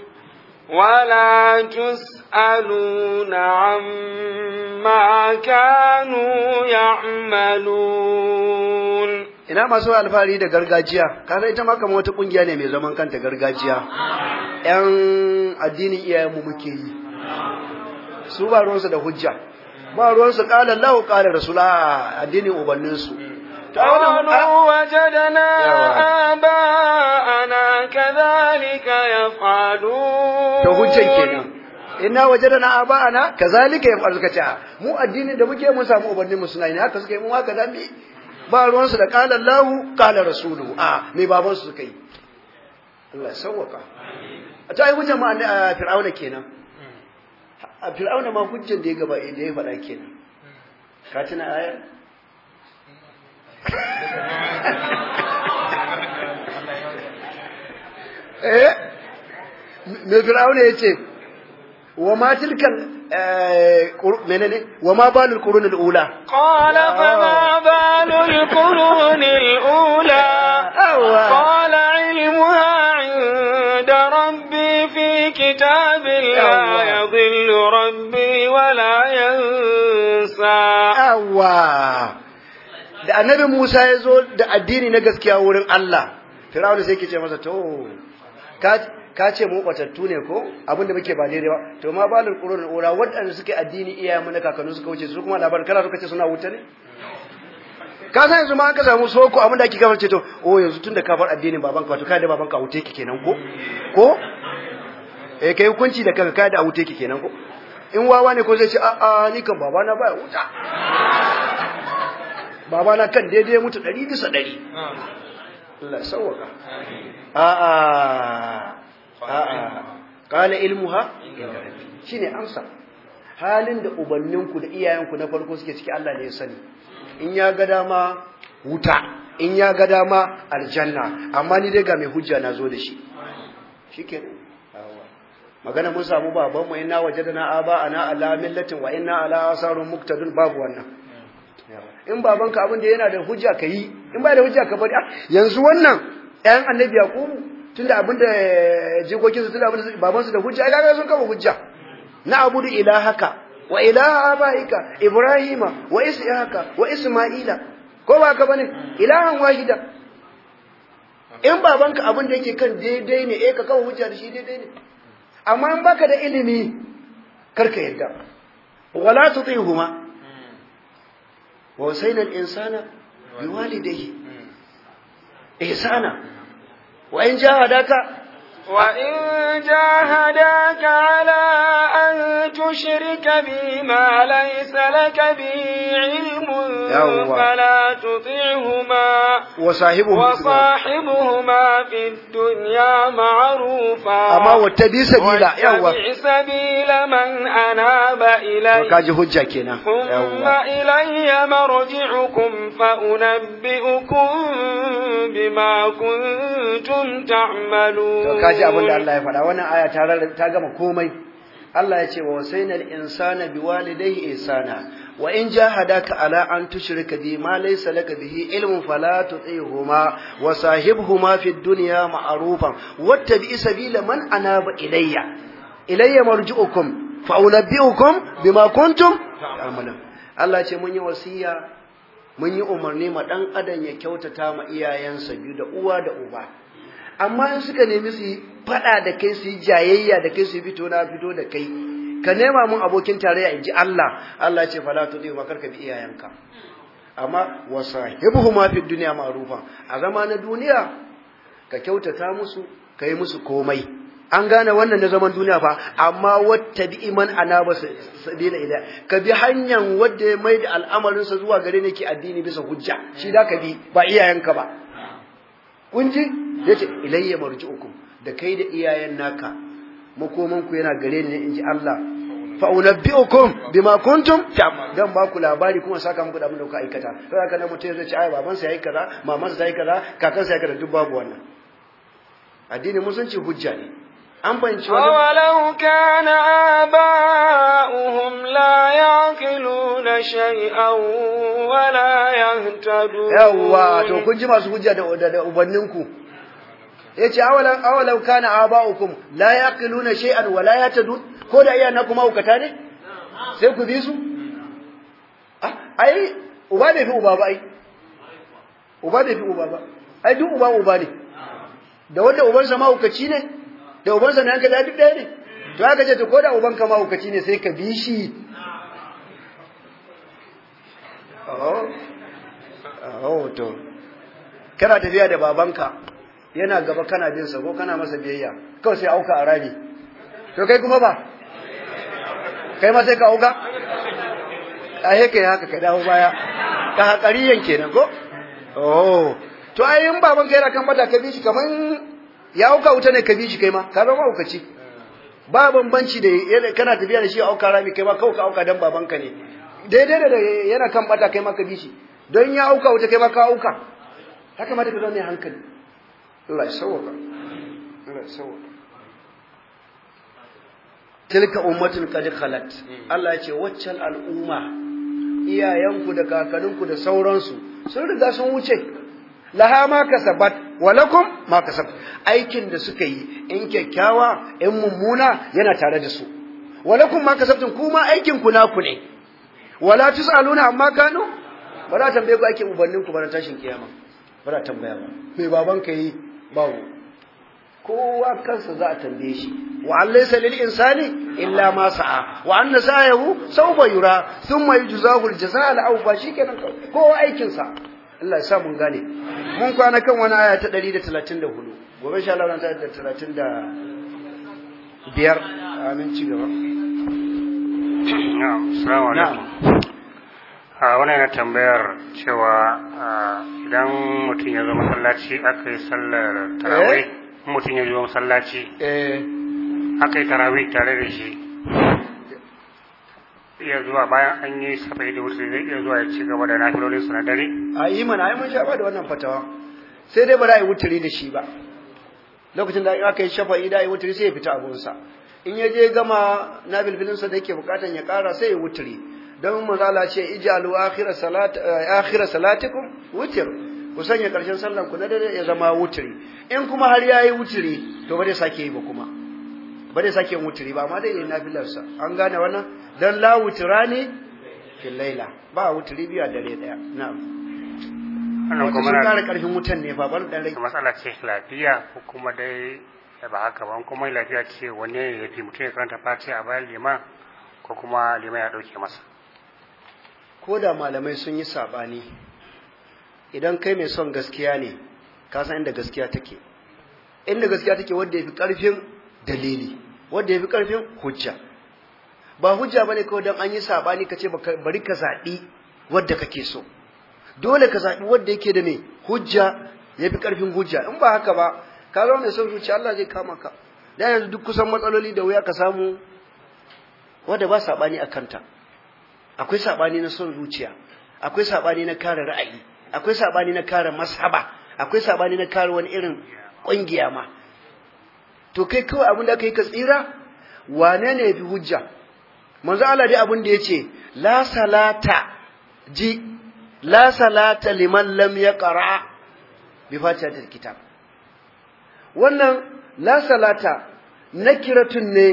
ولا تسألون عما كانوا يعملون ina masu alfahari da gargajiya kana ita ma kamar wata kungiya ne mai zaman kanta gargajiya yan addinin iyayenmu muke yi su ba ruwansu da hujja ba ruwansu kala lahu kala rasula addinin ubanninsu قالوا وجدنا آباءنا كذلك يفعلون to hujjan kenan inna wajadana aba'ana kazalika yaf'alu kace mu addinin da muke mun samu ubannin mu suna ne haka suka yi mu haka zami ba ruwansu da qala lahu qala rasuluhu a me baban su suka yi Allah ya sawwaka a ta yi hujjan a fir'auna kenan a fir'auna ma hujjan da ya gaba da ya faɗa kenan ka ci na ayar eh me fir'auna yace wa ma tilkal eh, menene wa ma balul qurun al-ula qala fa ma balul qurun al-ula qala ilmuha inda rabbi fi kitabin la yadhillu rabbi wa la yansa awwa annabi Musa ya zo da addini na gaskiya wurin Allah Firawun sai yake ce masa to ka ce mu batattu ne ko abinda muke ba daidai ba to ma balul qurun ura waɗanda suke addini iyayen mu na kakannu suka wuce su kuma labarin kana suka ce suna wuta ne ka san yanzu ma an ka samu soko abin da ake kamar ce to oh yanzu tunda ka bar addinin babanka to kai da babanka wuce ki kenan ko ko eh kai hukunci da kanka kai da wuce ki kenan ko in wawa ne ko zai ce a a ni kan babana baya wuta na kan daidai mutu ɗari bisa ɗari Allah ya sauwaka a'a a'a ha? shi ne amsa halin da ubanninku da iyayenku na farko suke ciki Allah ne ya sani in ya ga dama wuta in ya ga dama aljanna amma ni dai ga mai hujja na zo da shi shikenan magana mun samu babanmu inna wajadna aba ana ala millatin wa inna ala asarun muktadun babu wannan in babanka abin da yana da hujja ka yi in ba da hujja ka bari ah, yanzu wannan ɗayan annabi yaqubu tunda abin da eh, jikokin su tunda da baban su da hujja ai kaga sun kama hujja na abudu ilahaka wa ilaha abaika ibrahima wa ishaqa wa isma'ila ko ba ka bane ilahan wahida in babanka abin da yake kan daidai ne eh ka kawo hujja da shi daidai ne amma in baka da ilimi karka yadda wala tutihuma wa wasainal insana biwalidayhi ihsana wa in jahadaka وإن جاهداك على أن تشرك بي ما ليس لك به علم فلا تطعهما وصاحبهما في الدنيا معروفا أما واتبي سبيلا واتبي سبيل من أناب إلي وكاجي هجة كنا ثم إلي مرجعكم فأنبئكم بما كنتم تعملون وكاجي أبو الله يفعل وانا آية تاقم كومي Allah ya ce wa wasainal insana biwalidayhi ihsana wa in jahadaka ala an tushrika bi ma laysa laka bihi ilmun fala tuṭihuma wa sahibhuma fid dunya ma'rufan wattabi sabila man anaba ilayya ilayya marji'ukum fa unabbi'ukum bima kuntum ta'malun Allah ce mun yi wasiya mun yi umarni ma dan adam ya kyautata ma iyayensa biyu da uwa da uba amma in suka nemi su faɗa da kai su jayayya da kai su fito na fito da kai ka nema mun abokin tarayya in ji Allah Allah ce fala tudi makar ka bi iyayenka amma wa sahibuhuma fid dunya ma'rufa a zama na duniya ka kyautata musu ka musu komai an gane wannan na zaman duniya fa amma wata bi iman ana ba sabila ila ka bi hanyar wanda ya mai da sa zuwa gare ne ke addini bisa hujja shi da ka bi ba iyayenka ba kun ji yace ilayya marji'ukum da kai da iyayen naka makoman ku yana gare ni in ji Allah fa unabbiukum bima kuntum dan ba ku labari kuma saka muku da abin da kuka aikata to haka nan mutum zai ce ai baban sa yayi kaza maman sa yayi kaza kakan sa yayi kaza duk babu wannan addinin musulunci hujja ne an fahimci wa walau kana aba'uhum la yaqiluna shay'an wa la yahtadun yawa to kun ji masu hujja da ubanninku yace awalan awalau kana aba'ukum la yaqiluna shay'an wa la yatadun ko da iyana kuma hukata ne sai ku bi su ah, ai uba bai fi uba ba ai uba bai fi uba ba ai duk uba uba ne da wanda ubansa sa hukaci ne da ubansa ne da duk ɗaya ne to aka ce to ko da ubanka ma ne sai ka bi shi oh oh to kana tafiya da babanka yana gaba kana bin sa ko kana masa biyayya kawai sai auka arabi to kai kuma ba kai ma sai ka auka a haka ya haka ka dawo baya ka yanke kenan ko oh to ai in baban kai kan bada ka bishi kaman ya auka wuta ne ka bishi kai ma ka auka ci ba bambanci da kana tafiya da shi auka rami kai ma kawai ka auka dan babanka ne daidai da yana kan bata kai ma ka bishi don ya auka wuta kai ma ka auka haka ma ta zo mai hankali Allah ya sauwaka Allah ya sauwaka tilka ummatin qad khalat Allah ya ce waccan al'umma iyayenku da kakanninku da sauransu sun riga sun wuce laha ma kasabat walakum ma kasabat aikin da suka yi in kyakkyawa in mummuna yana tare da su walakum ma kasabtum kuma aikin ku naku ne wala tusaluna amma kanu ba za tambaye ku aikin ubanninku ba na tashin kiyama ba za tambaya ba me babanka yi babu kowa kansa za a tambaye shi wa an lil insani illa ma sa'a wa anna sa'ahu sawfa yura thumma yujzahu al jazaa al awfa shikenan kowa aikin sa Allah ya sa mun gane mun kwana kan wani aya ta 134 gobe insha Allah ta 35 amin ci gaba na'am assalamu alaikum a wani yana tambayar cewa idan mutum ya zo masallaci aka yi sallar tarawai eh? mutum ya zo masallaci eh. aka yi tarawai tare da shi iya zuwa bayan an yi safa'i da wuce zai iya zuwa ya ci gaba da nafilolin su na dare a yi mana yi mun shafa da wannan fatawa sai dai ba za a yi wuturi da shi ba lokacin da aka yi yi da yi wuturi sai ya fita abunsa in ya je gama na sa da yake bukatan ya kara sai ya wuturi don mu ce ijalu akhira eh, salatikum wutir ku sanya karshen sallan ku na dare ya zama wutiri in kuma har yayi wutiri to ba dai sake yi ba kuma ba dai sake wutiri ba amma dai nafilar sa an gane wannan dan la wutirani fil laila ba wutiri biya dare daya na'am wannan kuma na kare karshen wutan ne fa ban dan rai Mas'ala ce lafiya ko kuma dai ba haka ba kuma lafiya ce wani ne fi mutum ya karanta fatiha a bayan lima ko kuma lima ya dauke masa ko da malamai sun yi saɓani idan kai mai son gaskiya ne ka inda gaskiya take inda gaskiya take wadda ya fi ƙarfin dalili wadda ya fi ƙarfin hujja ba hujja ba ne kawai don an yi saɓani ka ce bari ka zaɓi wadda kake so dole ka zaɓi wadda yake da mai hujja ya fi ƙarfin hujja in ba haka ba ka zama mai son zuciya Allah zai kama ka da yanzu duk kusan matsaloli da wuya ka samu wadda ba saɓani a kanta akwai sabani na son zuciya akwai sabani na kare ra'ayi akwai sabani na kare mashaba akwai sabani na kare wani irin kungiya ma to kai kawai abin da aka yi ka tsira wane ne fi hujja manzo Allah dai abin da yace la salata ji la salata liman lam yaqra bi fatihatil kitab wannan la salata nakiratun ne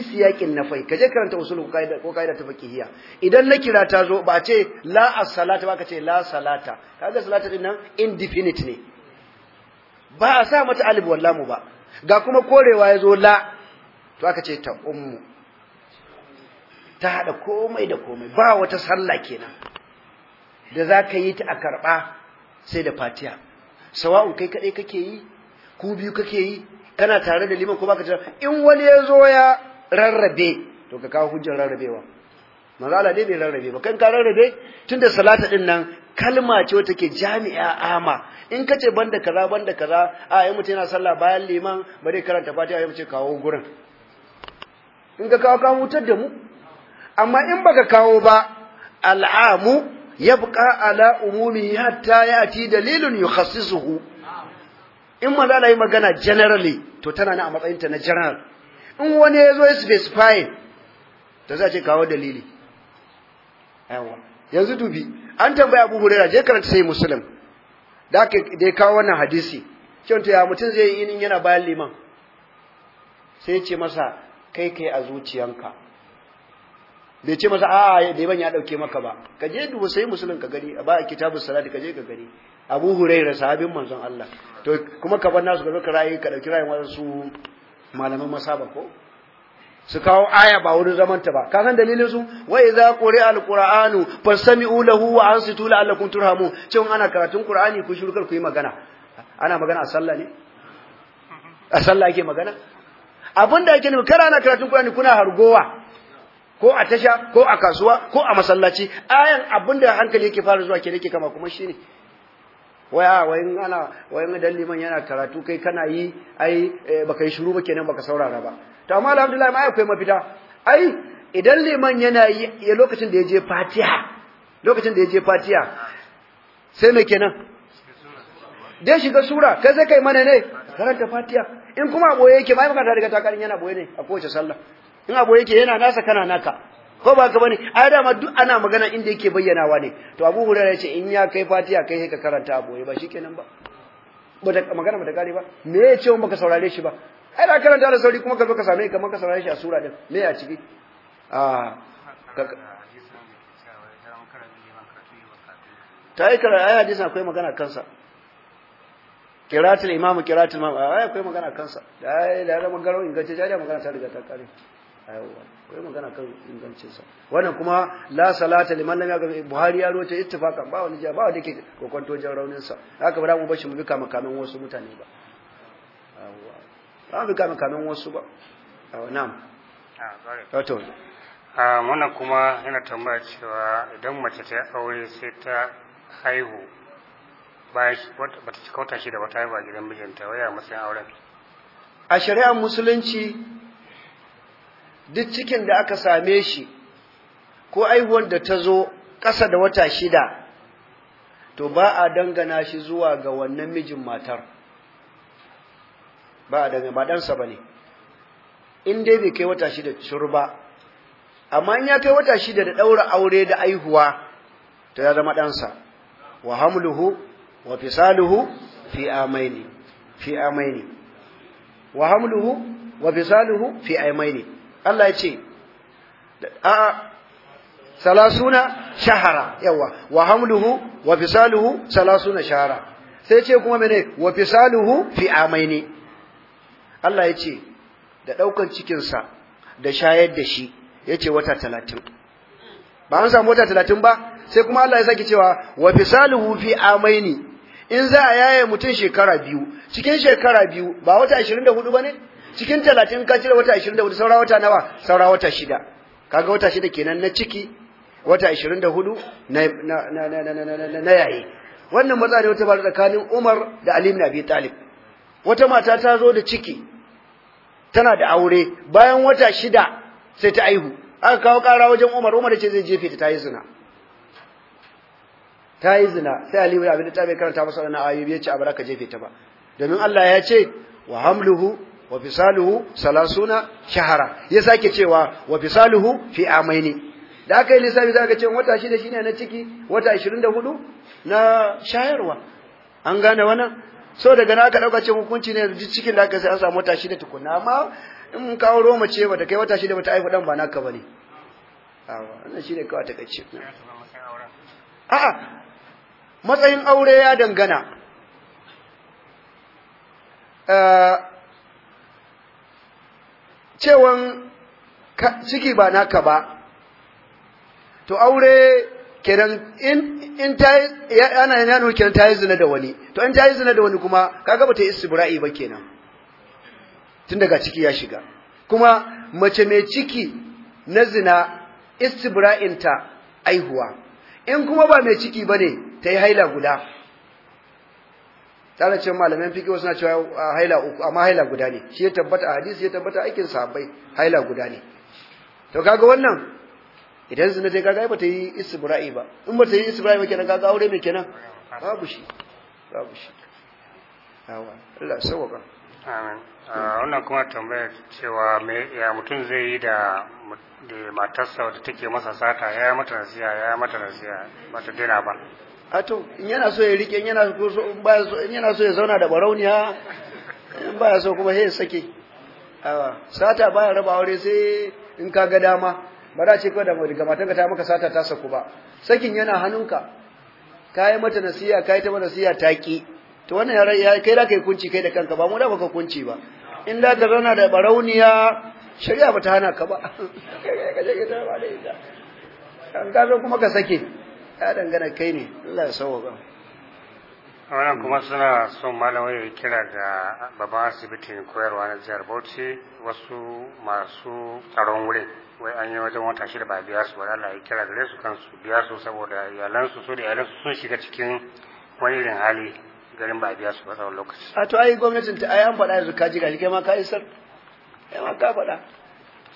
fi na nafai kaje karanta usulul qaida ko qaida ta fiqhiya idan na kira ta zo ba ce la as-salata ba ka ce la salata kaga salata din nan indefinite ne ba a sa mata alif mu ba ga kuma korewa yazo la to aka ce ta ummu ta hada komai da komai ba wata sallah kenan da zaka yi ta a karba sai da fatiha sawa'un kai kadai kake yi ku biyu kake yi kana tare da liman ko baka tare in wani ya zoya. ya rarrabe to ka kawo hujjar rarrabewa manzo Allah dai bai rarrabe ba kan ka rarrabe tunda salata din nan kalma ce wata ke jami'a ama in kace banda kaza banda kaza a yi mutum yana sallah bayan liman ba karanta fatiha yayin ce kawo gurin in ka kawo kawo wutar da mu amma in baka kawo ba al'amu yabqa ala umumi hatta yati dalilun yukhassisuhu in za a yi magana generally to tana na a matsayin ta na general in wani ya zo ya specify ta za ce kawo dalili yanzu dubi an tambaya abu hurera je karanta sai musulun da ke ya kawo wannan hadisi kyauta ya mutum zai yi inin yana bayan liman sai ce masa kai kai a zuciyanka bai ce masa a da ban ya dauke maka ba ka je duba sai musulun ka gani ba a kitabun salati ka je ka gani abu hurairah sahabin manzon Allah to kuma ka bar nasu ka zo ka ka dauki rayin wasu malaman masaba ko su kawo aya ba wurin zamanta ba ka san dalilin su wa idza quri'a alqur'anu fastami'u lahu wa ansitu la'allakum turhamu cewa ana karatun qur'ani ku shiru kar ku yi magana ana magana a sallah ne a sallah ake magana abinda ake nufi kar ana karatun qur'ani kuna hargowa ko a tasha ko a kasuwa ko a masallaci ayan abinda hankali yake fara zuwa ke nake kama kuma shine wai a ah, wai ana wai madan liman yana karatu kai kana yi ai eh, baka yi shiru ba kenan baka saurara ba to amma alhamdulillah ma akwai mafita ai idan liman yana yi lokacin da ya je fatiha lokacin da ya je fatiha sai me kenan dai shiga sura kai sai kai mana ne karanta fatiha in kuma aboye yake mai magana ta riga ta yana aboye ne a kowace sallah in aboye yake yana nasa kana naka ko ba ka bane ai dama duk ana magana inda yake bayyana wa ne to Abu Hurairah yace in ya kai Fatiha kai sai ka karanta boye ba shikenan ba bata magana bata kare ba me ya ce baka saurare shi ba ai ba karanta da sauri kuma ka zo ka same kamar ka saurare shi a sura din me ya ciki a ta yi karatu ai hadisi akwai magana kansa kiratul imamu kiratul imamu ai akwai magana kansa dai da da magana ce da magana ta riga ta kare kayowa kai magana kan ingancin wannan kuma la salata liman lam yaga Buhari ya rota ittifaqan ba wani ba wanda yake kokonto jin raunin sa haka ba mu bashi mu bi kama wasu mutane ba ba mu kama kamen wasu ba na'am a ah, ah, to a ah, wannan kuma yana tambaya cewa idan mace ta aure sai ta haihu bayan bata a gidan mijinta waya matsayin auren a shari'ar musulunci duk cikin da aka same shi ko aihuwar da ta zo ƙasa da wata shida to ba a dangana shi zuwa ga wannan mijin matar ba a dangana ba ɗansa ba ne in dai bai kai wata shida cur ba amma in ya kai wata shida da ɗaura aure da aihuwa ta ya zama ɗansa wa hamluhu wa fisaluhu fi amaini fi amaini wa hamluhu wa fisaluhu fi amaini Allah ya ce a'a salasuna shahara yawa wa hamluhu wa fisaluhu salasuna shahara sai ce kuma mene wa fisaluhu fi amaini Allah ya ce da daukan cikin sa da shayar da shi yace wata 30 ba an samu wata 30 ba sai kuma Allah ya saki cewa wa fisaluhu fi amaini in za a yaye mutun shekara biyu cikin shekara biyu ba wata 24 bane cikin talatin ka cire wata ashirin da hudu saura wata nawa saura wata shida kaga wata shida kenan na ciki wata ashirin da hudu na yayi wannan matsa ne wata faru tsakanin umar da ali ibn abi talib wata mata ta zo da ciki tana da aure bayan wata shida sai ta aihu aka kawo kara wajen umar umar ce zai jefe ta ta yi zina ta yi zina sai ali ibn abi talib karanta masa wannan ayoyi ya ce a baraka jefe ta ba domin Allah ya ce wa hamluhu wa fisaluhu salasuna shahara ya sake cewa wa fisaluhu fi amaini da aka yi lissafi za ka ce wata shida shine na ciki wata 24 na shayarwa an gane wannan so daga na aka dauka ce hukunci ne da cikin da aka sai an samu wata shida tukunna amma in ka mu ce ba ta kai wata shida ba ta haihu dan ba naka bane a wannan shine kawai ta kace a'a matsayin aure ya dangana eh, cewan ciki ba naka ba to aure kenan in in ta ana yana nuna kenan ta yi zina da wani to in ta yi zina da wani kuma kaga bata yi istibra'i ba kenan tun daga ciki ya shiga kuma mace mai ciki na zina ta aihuwa in kuma ba mai ciki bane ta yi haila guda tare cewa malaman fiqh suna cewa haila uku amma haila guda ne shi ya tabbata a hadisi ya tabbata aikin sahabbai haila guda ne to kaga wannan idan zina ta kaga ba ta yi isbra'i ba in ba ta yi isbra'i ba kenan kaga aure mai kenan babu shi babu shi yawa Allah sawaba amin wannan kuma tambaya cewa me ya mutum zai yi da da matarsa da take masa sata ya mata nasiya ya mata nasiya ba ta dena ba ato in yana so ya rike in yana so in yana so ya zauna da barauniya in baya so kuma sai ya sake awa sata baya raba aure sai in ka ga dama ba za ce ko da daga ka ta maka sata ta saku ba sakin yana hannunka ka yi mata nasiya ka yi ta mata nasiya ta ki to wannan ya kai da kai kunci kai da kanka ba mu da baka kunci ba in da ka zauna da barauniya shari'a ba ta hana ka ba kai ka ka ta ba da ita an ka zo kuma ka sake ya dangana kai ne Allah ya sauwaka wannan kuma suna son malamai ya kira ga babban asibitin koyarwa na jihar Bauchi wasu masu tsaron wurin wai an yi wajen wata shida ba biya su ba ya kira gare su kansu biya su saboda iyalansu su da iyalansu sun shiga cikin wani irin hali garin ba biya su ba tsawon lokaci a to ai gwamnatin ta ai an faɗa yanzu ka ji gashi kai ma ka isar kai ma ka faɗa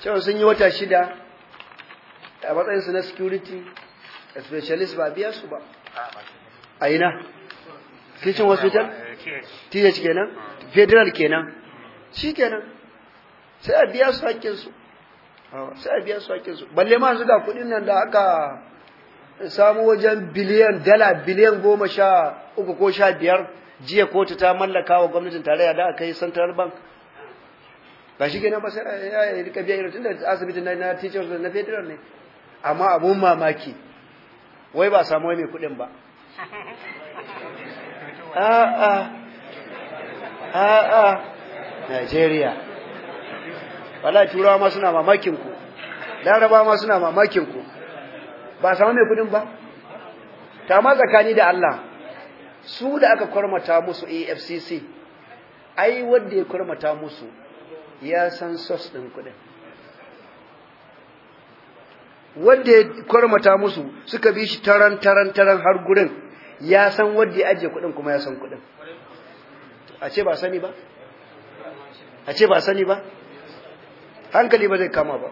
cewa sun yi wata shida a matsayinsu na security specialist ba biya su ba a ina kitchen hospital th kenan federal kenan shi kenan sai a biya su hakkinsu sai a biya su hakkinsu balle ma su ga kudin nan da aka samu wajen biliyan dala biliyan goma sha uku ko sha biyar jiya kotu ta mallaka wa gwamnatin tarayya da aka yi central bank ba shi kenan ba sai ya rika biya irin da asibitin na teachers na federal ne amma abun mamaki wai ba samu mai kuɗin ba a'a a'a Najeriya wala turawa ma suna mamakin ku laraba ma suna mamakin ku ba samu mai kuɗin ba ta ma tsakani da Allah su da aka kwarmata musu AFCC ai wanda ya kwarmata musu ya san sos din kuɗin wanda ya kwarmata musu suka bi shi taran taran taran har gurin ya san wanda ya ajiye kuɗin kuma ya san kuɗin a ce ba sani ba a ce ba sani ba hankali ba zai kama ba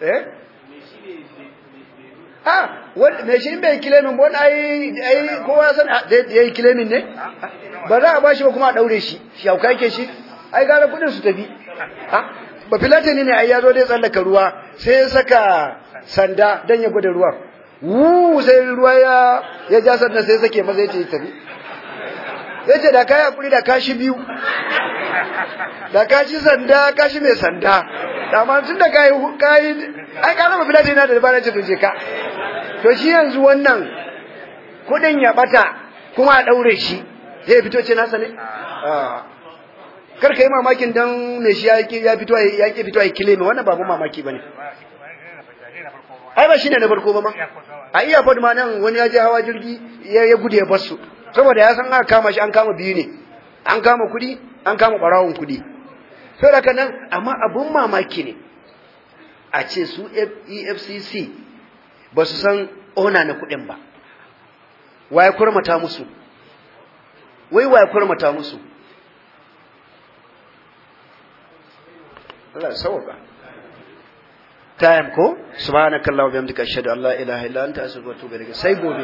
eh ah me shi bai kilemin ba wani ai kowa ya san da ah, yi kilemin ne ba za a ba shi ba kuma a daure shi shi hauka ke shi ai gara kuɗin su tafi ba filata ne ai ya zo dai tsallaka ruwa sai ya saka sanda dan ya gwada ruwan wu sai ruwa ya ya ja sanda sai sake maza yace tafi yace da kai hakuri da kashi biyu da kashi sanda kashi mai sanda amma tun da kai kai ai ka ba filata na da dabara ce to je ka to shi yanzu wannan kudin ya bata kuma a daure shi zai fito ce sane a. Ah. kar ka yi mamakin dan me shi ya fito ya ke fito ya kile mai wannan babu mamaki bane ai ba shine na farko ba ma a iya ma nan wani ya je hawa jirgi ya gude ya bar saboda ya san aka kama shi an kama biyu ne an kama kudi an kama barawon kudi da nan amma abun mamaki ne a ce su EFCC ba su san ona na kudin ba waye kurmata musu wai waye kurmata musu Allah ya sauka time ko wa bihamdika ashhadu an la ilaha illa anta astaghfiruka wa atubu ilayk. sai gobe